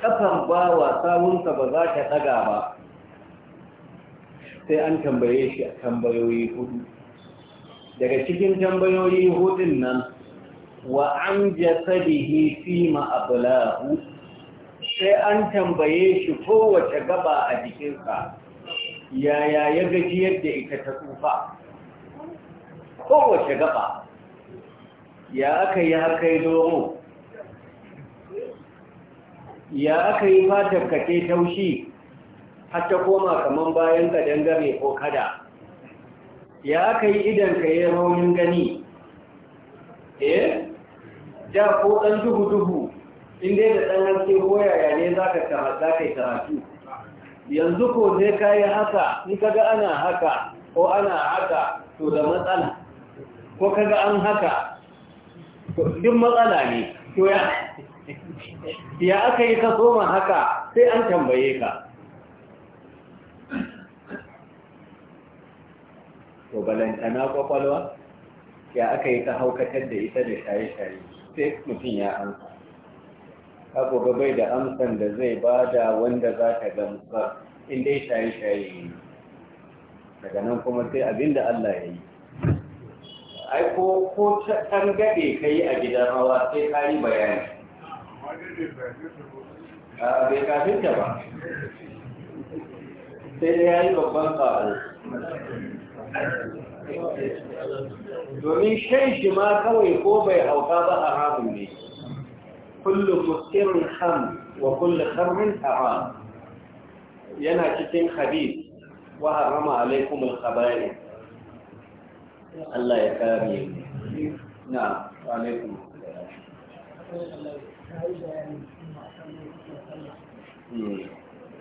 kafan bawa sawunsa ba za ta daga ba sai an tambaye shi a tambayoyi hudu daga cikin tambayoyi hudun nan wa an jasadihi fi ma'abalahu sai an tambaye shi kowace gaba a jikinsa yaya ya gaji yadda ita ta tsufa kowace gaba ya aka yi haka yi doro ya aka yi fatar kake taushi har ta koma kamar bayan ka dangane ko kada ya kai idan ka yi raunin gani eh da ko dan duhu-duhu inda da ɗan haske koya ya ne za ka yi karatu yanzu ko zai kai haka in kaga ana haka ko ana haka to da matsala ko kaga an haka duk matsala ne to ya aka yi ka soma haka sai an tambaye ka to balantana kwakwalwa ya aka yi ta haukatar da ita da shaye-shaye sai mutum ya amsa kako ga bai da amsan da zai ba da wanda za ta gamsa inda dai shaye-shaye ne daga nan kuma sai abin da Allah ya yi ai ko ko tan gade ka yi a gidan hawa sai ka yi bayani a bai kafin ta ba sai da ya yi babban ƙaro domin shan shi ma kawai ko bai hauka ba ramun ne kullum muskirin ham wa kullum karmin haram yana cikin hadis wa harama alaikum al-khabari Allah ya kare na alaikum mm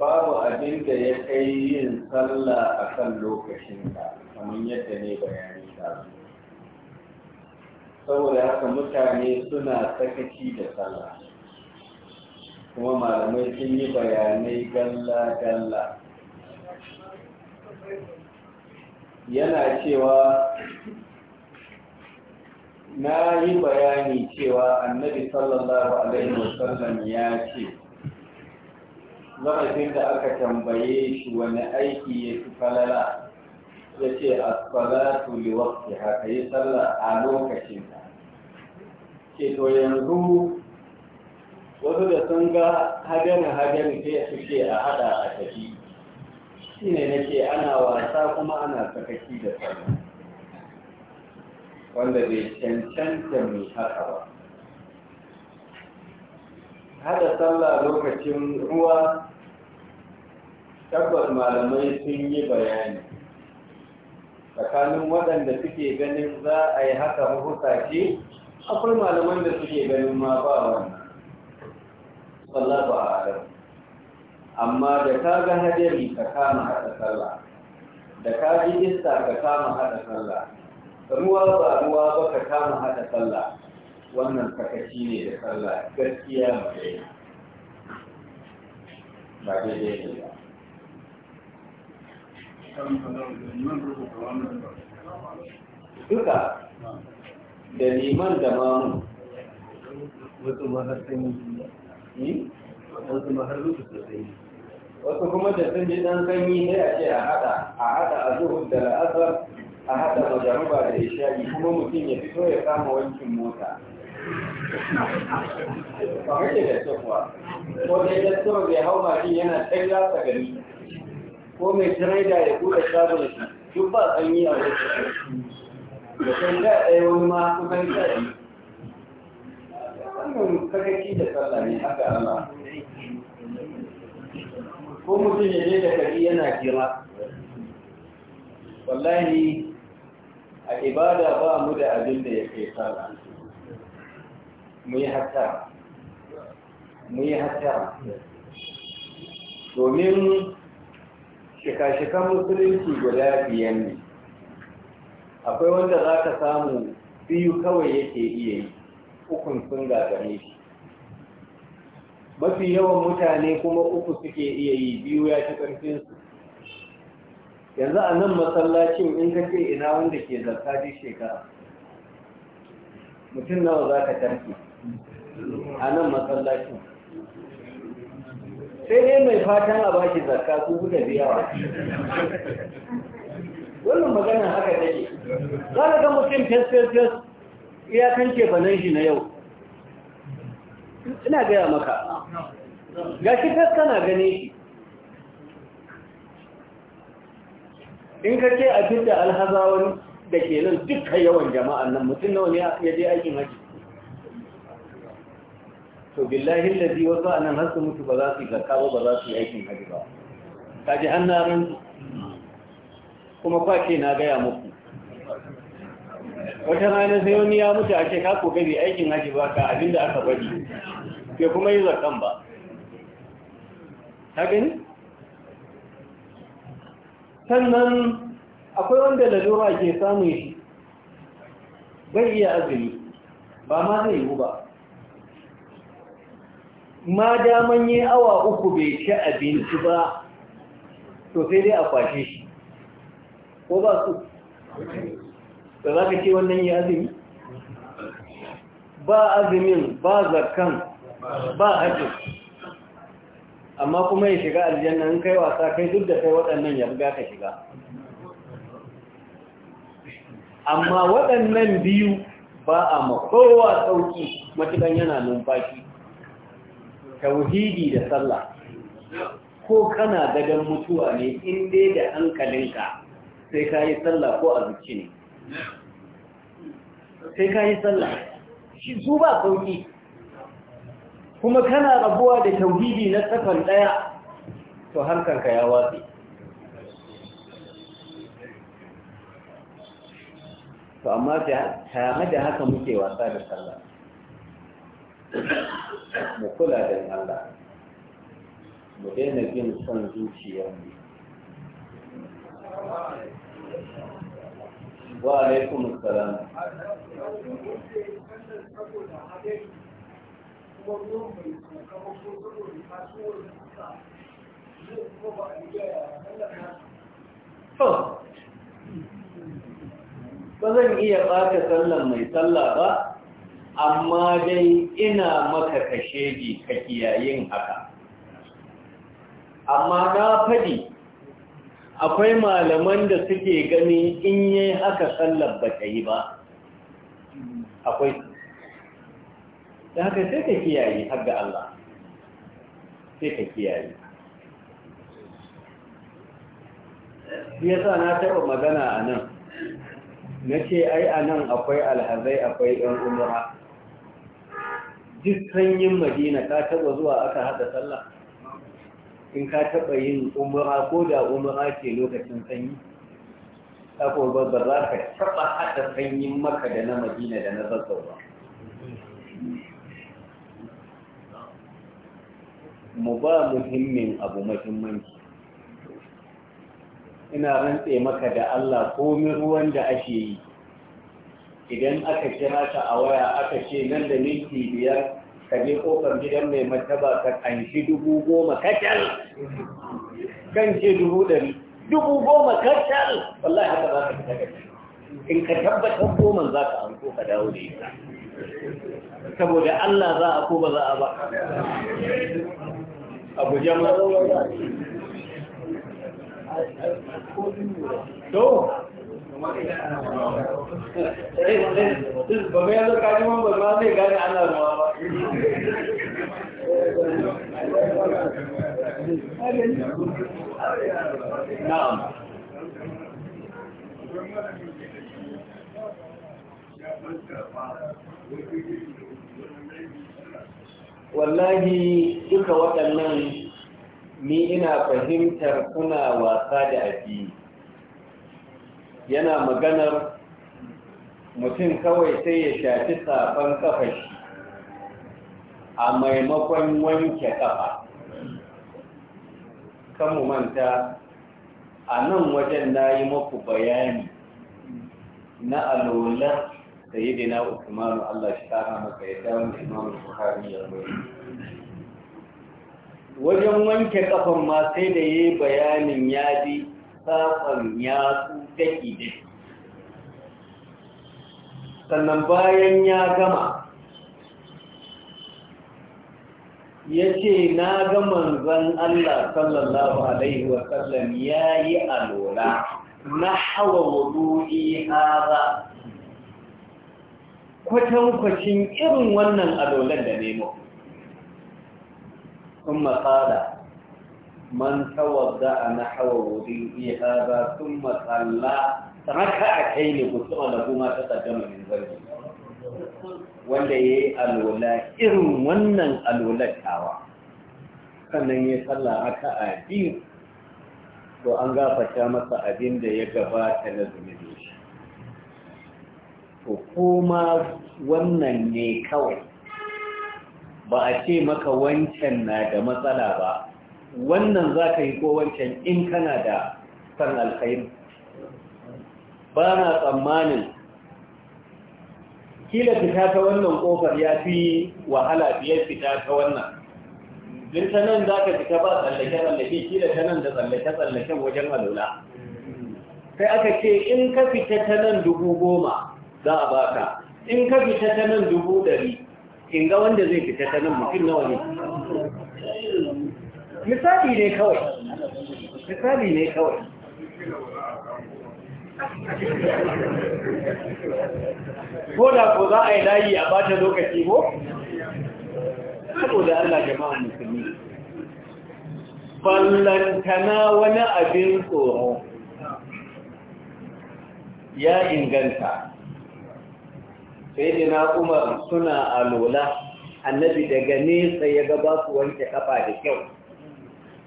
babu abin da ya kai yin sallah a kan lokacinka kamar yadda ne bayani ta saboda haka mutane suna sakaci da sallah kuma malamai sun yi bayanai galla-galla yana cewa na yi bayani cewa annabi sallallahu alaihi wasallam ya ce zarafin da aka tambaye shi wani aiki ya fi falala ya ce asfalatu li waqti haka yi sallah a lokacin ta ke to yanzu wasu da sun ga hagani hagani ke su ce a hada a tafi shi ne na ce ana wasa kuma ana sakaki da sallah wanda bai cancanta mai haka ba hada sallah lokacin ruwa tabbas malamai sun yi bayani tsakanin waɗanda suke ganin za a yi haka mahuta ce akwai malaman da suke ganin ma ba wannan sallah ba a amma da ka ga hajjari ka kama haɗa sallah da ka ji ista ka kama haɗa sallah ruwa ba ruwa ba ka kama haɗa sallah wannan sakaci ne da sallah gaskiya ba ba daidai ne ba duka da liman da mamu wasu ne? Hmm? wasu maharsani sosai wasu kuma da sun ji ɗan sanyi ne a ce a haɗa a haɗa a zuwa da la'asar, a haɗa majaruba da yi kuma mutum ya fito ya kama wankin mota kamar da gaske kuwa ko da ya gaske bai hau mashi yana can gasa gani. ko mai tiraida ya kuɗa shagon shi duk ba sanyi a wasu da kan da ɗaya wani ma kusan shaɗi wannan kakaki da sallah ne haka Allah ko mutum ya je da kari yana kira wallahi a ibada ba mu da abin da ya kai sallah mu yi hatta mu yi hatta domin shika-shikan musulunci guda biyan ne akwai wanda za ka samu biyu kawai yake iya yi ukun sun gagare shi mafi yawan mutane kuma uku suke iya yi biyu ya ci ƙarfinsu yanzu a nan masallacin in ka ce ina wanda ke zarta duk shekara mutum nawa za ka tarki a nan masallacin sai dai mai fatan a baki zakka su biya biyawa wannan magana haka take za ka ga mutum fes iya kan banan shi na yau ina gaya maka ga shi fes kana gane shi in ka ce a fidda alhazawan da ke nan duka yawan jama'an nan mutum nawa ne ya je aikin haji to billahi ladhi wasu anan har su mutu ba za su yi zakka ba ba za su yi aikin haji ba ka ji an kuma kwace na gaya muku wata rana sai wani ya mutu a ce ka kokari aikin haji ba ka abinda aka bari ke kuma yi zakkan ba ta gani sannan akwai wanda lalura ke samun shi bai iya azumi ba ma zai yi ba ma daman yi awa uku bai ci abinci ba to sai dai a kwashe shi ko ba su da za ka ce wannan yi azumi ba azumin ba zakan ba hajjin amma kuma ya shiga aljanna in kai wasa kai duk da kai waɗannan ya buga ka shiga amma waɗannan biyu ba a makowa sauki matukan yana numfashi tauhidi da sallah ko kana gadon mutuwa ne in dai da hankalinka sai ka yi sallah ko azuci ne sai ka yi sallah shi su ba sauki kuma kana rabuwa da tauhidi na tsakon daya to hankanka ya watsi to amma tare da haka muke wasa da sallah mu kula da Allah mu daina bin son mu. wa alaikum assalam ba zan iya ɓata sallar mai sallah ba amma dai ina maka kashedi ka kiyayin haka amma na faɗi akwai malaman da suke gani in yi haka sallar ba ta yi ba akwai da haka sai ka kiyaye har ga Allah sai ka kiyaye ya sa na taɓa magana a nan na ce ai a nan akwai alhazai akwai ɗan umura duk sanyin madina ka taba zuwa aka hada sallah in ka taba yin umra ko da umra ke lokacin sanyi ta ko ba za ka taba hada sanyin maka da na madina da na zazzau ba mu ba muhimmin abu muhimmanci ina rantse maka da Allah komi ruwan da ake yi idan aka kira ta a waya aka ce nan da minti biyar ka je kofar gidan mai martaba ka kanshi dubu goma kacal kan ce dubu ɗari dubu goma kacal wallahi haka za ka fita kacal in ka tabbatar goma za ka an ka dawo da ita saboda Allah za a ko ba za a ba abu jama'a to ba mai wallahi duka waɗannan ni ina fahimtar kuna wasa da addini yana maganar mutum kawai sai ya shafi safan kafashi a maimakon wanke kafa kan mu manta a nan wajen na yi maku bayani na da yi dina usmanu allah shi kama maka ya dawon da imamu buhari ya wajen wanke kafan ma sai da yi bayanin ya ji tsafan yatsu daki sannan bayan ya gama ya ce na ga manzan Allah sallallahu Alaihi wasallam ya yi alola na hawa wudu'i haza kwatankwacin irin wannan alolan da nemo kuma tsada man tawadda nahwa wudu'i hadha thumma salla raka'atayn kutuba lahu ma taqaddama min dhanbi wanda yayi alola irin wannan alwalatawa sannan ya salla raka'a biyu to an gafata masa abin da ya gabata na zunubi shi to koma wannan ne kawai ba a ce maka wancan na da matsala ba wannan za ka yi kowancan in kana da san alkhairu ba na tsammanin kila fita ta wannan kofar ya fi wahala fiye fita ta wannan din ta nan za ka fita ba tsallake-tsallake kila ta nan da tsallake-tsallaken wajen alula sai aka ce in ka fita ta nan dubu goma za a baka in ka fita ta nan dubu dari in ga wanda zai fita ta nan mafi nawa ne misali ne kawai misali ne kawai ko da ko za a yi layi a bata lokaci ko? saboda Allah jama'a musulmi ballantana wani abin tsoro ya inganta sai dina umar suna alola annabi daga nesa ya gaba su wanke kafa da kyau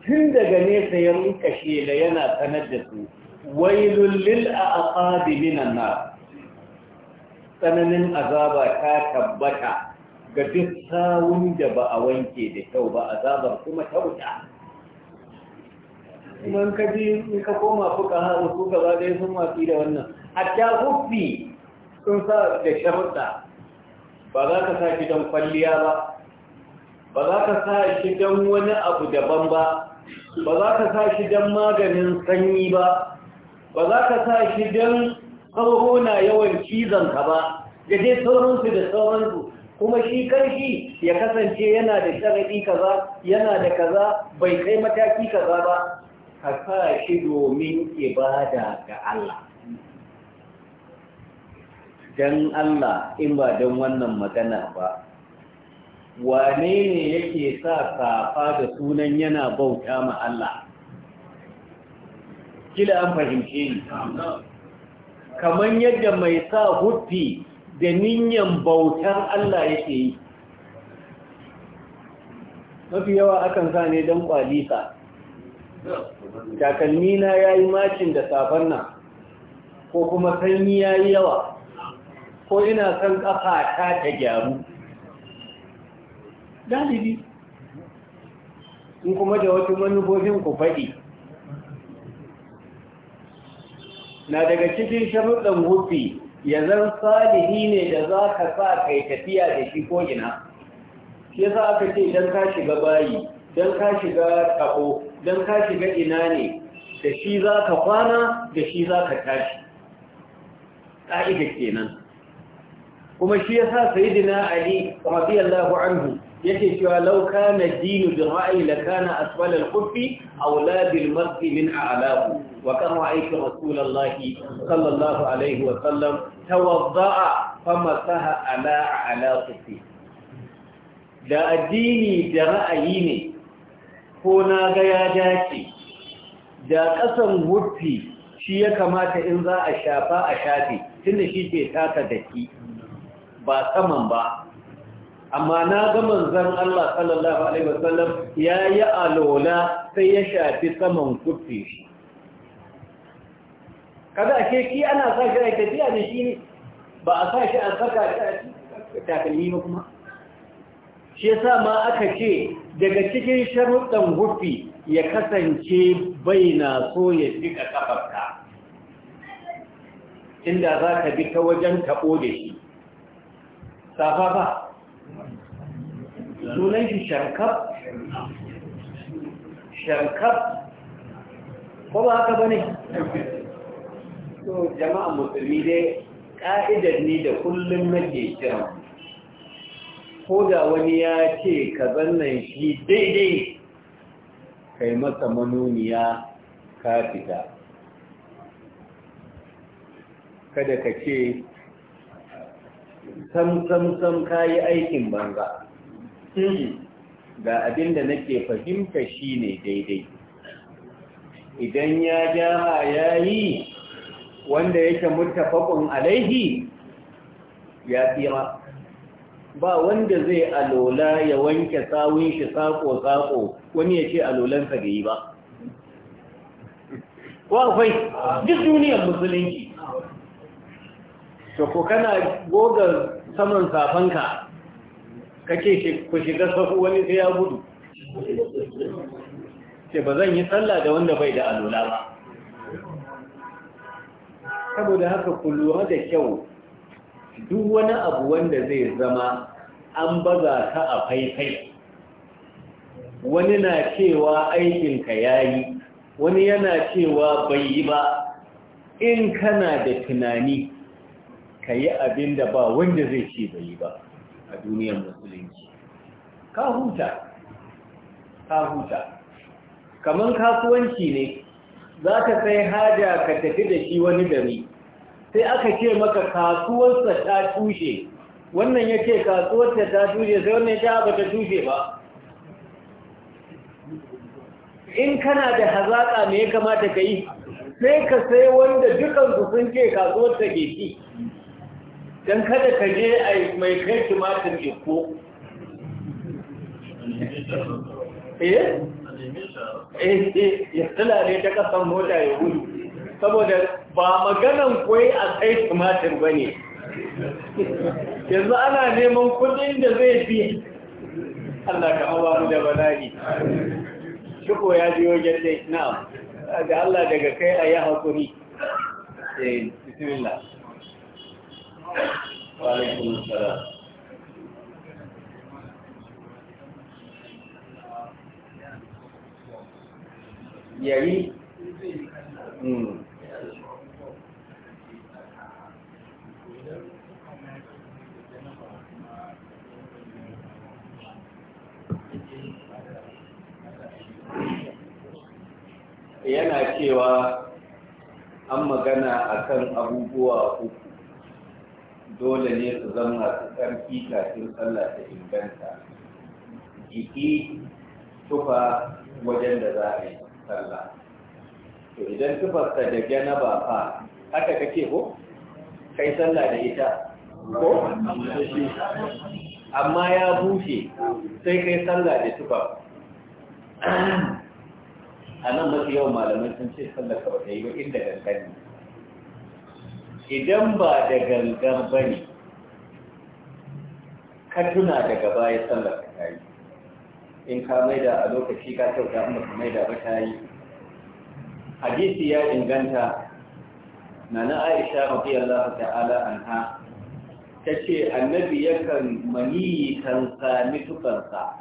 tun daga nesa ya rinka shela yana sanar da su wailul lil a minan nar tsananin azaba ta tabbata ga duk sawun da ba a wanke da kyau ba azabar kuma ta wuta kuma ka ji in ka koma fuka haɗu su gaba ɗaya sun watsi da wannan A hatta huffi sun sa da sharuɗa ba za ka sa shi don kwalliya ba ba za ka sa shi don wani abu daban ba ba za ka sa shi don maganin sanyi ba ba za ka sa shi don sauro na yawan cizonka ba da je sauransu da sauransu kuma shi ƙarfi ya kasance yana da sharaɗi kaza yana da kaza bai kai mataki kaza ba ka sa shi domin ibada ga Allah don Allah in ba don wannan magana ba wane ne yake sa safa da sunan yana bauta ma Allah kila an fahimce ni kamar yadda mai sa hufi da ninyan bautan Allah yake yi mafi yawa akan sa ne don kwalisa takalmi na ya yi macin da safan nan ko kuma sanyi ya yi yawa ko ina son ƙafa ta ta gyaru galibi in kuma da wasu manufofin ku faɗi na daga cikin sharuɗin hufi ya zan salihi ne da za ka sa kai tafiya da shi ko ina shi za aka ce don ka shiga bayi don ka shiga kafo don ka shiga ina ne da shi za ka kwana da shi za ka tashi ƙa'ida kenan kuma shi ya sa sayidina ali radiyallahu anhu yake cewa law kana dinu bi ra'yi la kana asfala al-khuffi aw la bil mar'i min a'lahu wa kan ra'aytu rasulallahi sallallahu alaihi wa sallam tawadda'a famasaha ala ala khuffi da addini da ra'ayi ne ko na ga ya dace da kasan hufi shi ya kamata in za a shafa a shafe tunda shi ke taka daki ba saman ba amma na ga manzan Allah sallallahu alaihi wasallam ya yi alola sai ya shafi saman kufi shi Kada ake ki ana sa shi a tafiya da shi ba a sa shi a saka shi takalmi ba kuma shi yasa ma aka ce daga cikin sharuɗan gufi ya kasance bai na so ya ka kafarka inda za ka bi ta wajen taɓo da shi safa ba sunan shi shankar, shankar, ko ba haka ba ne so jama'a musulmi dai ƙa'idar ne da kullum nake kira ko da wani ya ce ka zannan shi daidai kai masa manoniya ka fita kada ka ce sam sam sam ka yi aikin banza ga abin da nake fahimta shi ne daidai idan ya jama ya yi wanda yake mutafakun alaihi ya tsira ba wanda zai alola ya wanke sawun shi sako-sako wani ya ce alolansa da yi ba ko akwai duk duniyar musulunci to kana goga saman safanka kake ku shiga safu wani sai ya gudu ce ba zan yi sallah da wanda bai da alola ba saboda haka ku lura da kyau duk wani abu wanda zai zama an baza ka a faifai wani na cewa aikinka ya yi wani yana cewa bai yi ba in kana da tunani ka yi abin da ba wanda zai ce bai yi ba a duniyar musulunci ka huta ka huta kamar kasuwanci ne za ka sai haja ka tafi da shi wani dare, sai aka ce maka kasuwarsa ta tushe wannan ya ce kasuwarsa ta tushe sai wannan ya ah, ba ta tushe ba in kana da hazaƙa ne ya kamata ka yi sai ka sai wanda dukansu sun ce kasuwarsa ke ci don kada ka je a mai kai tumatir iko eh? eh eh ya ne ta kasan mota ya gudu saboda ba maganan kwai a kai tumatir ba ne yanzu ana neman kudin da zai fi Allah ka mu da banani. shiko ya biyo jalle na Da Allah daga kai a yi haƙuri eh, bismillah وعليكم السلام yayi hmm. yana cewa an magana akan abubuwa uku dole ne su zama masu ƙarfi kafin sallah ta inganta jiki tufa wajen da za a yi sallah to idan tufarka da ba fa haka kake ko kai sallah da ita ko amma ya bushe sai kai sallah da tufa. a nan mafi yawan malamai sun ce sallah ka wata yi wa inda gangane idan ba da gangan ba ne ka tuna daga baya sallar ka ta yi in ka maida a lokaci ka kyauta in ka maida ba ta yi hadisi ya inganta na na aisha allah ta'ala ha ta ce annabi yakan yi kan sami tukarsa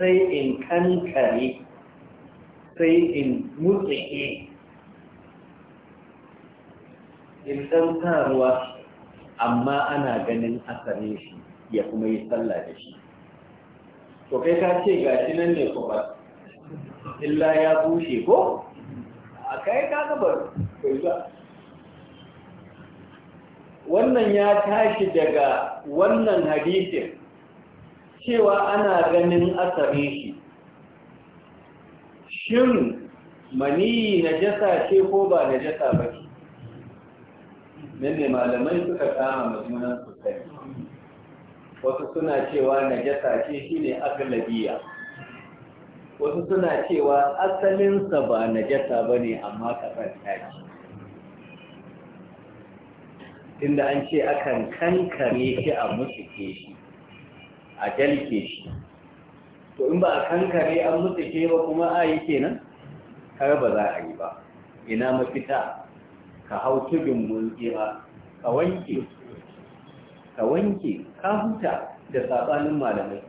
sai in kankare sai in mutsike ruwa amma ana ganin asali shi ya kuma yi sallah da shi to kai ka ce ga nan ne kuma illa ya bushe ko a kai ka gaba kai ba wannan ya tashi daga wannan hadisin cewa ana ganin asali shi shin maniyi najasa ce ko ba najasa ba ce nan ne malamai suka kama majunan sosai wasu suna cewa najasa ce shine aglabiya wasu suna cewa asalinsa ba najasa ba ne amma kasar shi inda an ce akan kankare shi a mutuke shi a jalke shi to in ba a kankare an mutuke ba kuma a yi kenan kar ba za a yi ba ina mafita ka hau tudun mulkiya ka wanke ka wanke ka huta da sabanin malamai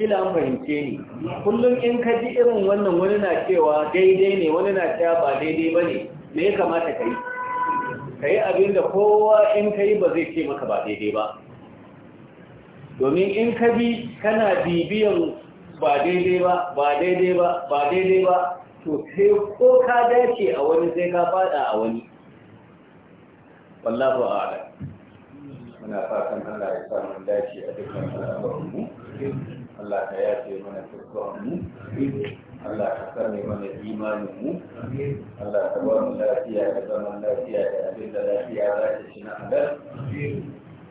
kila an fahimce ni kullum in ka ji irin wannan wani na cewa daidai ne wani na cewa ba daidai ba ne me ya kamata ka yi ka yi abin kowa in ka yi ba zai ce maka ba daidai ba domin in ka bi kana bibiyan ba daidai ba ba daidai ba ba daidai ba to sai ko ka dace a wani sai ka fada a wani wallahu a'ala muna fatan Allah ya sa mun dace a dukkan al'amuran mu Allah ta yafe mana tukkan mu Allah ta sani mana imanin mu Allah ta ba mu lafiya da zaman lafiya da abin da lafiya za shi na adal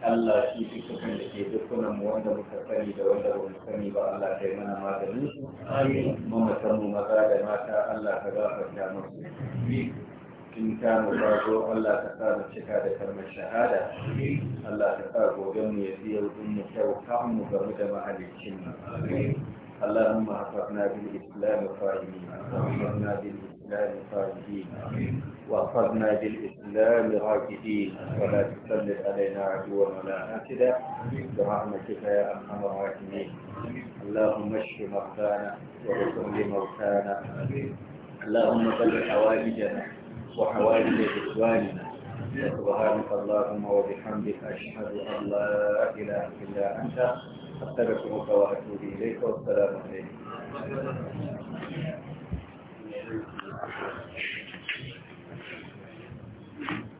Allah shi dukkan da ke dukkanin mu wanda muka sani da wanda ba mu sani ba Allah kai mana magani mu. Amin. Mu mu maza da mata Allah ka gafarta musu. إن كانوا mutazo Allah ka sa mu cika da kalmar shahada Allah ka sa gogon mu ya اللهم احفظنا بالاسلام قائمين واحفظنا بالاسلام قائمين واحفظنا بالاسلام راكدين ولا تسلط علينا عدوا ولا حاسدا برحمتك يا ارحم الراحمين اللهم اشف مرضانا وارحم لموتانا اللهم بلغ حوائجنا وحوائج إخواننا سبحانك اللهم وبحمدك أشهد أن لا إله إلا أنت أستغفرك وأتوب إليك والسلام عليكم Thank you.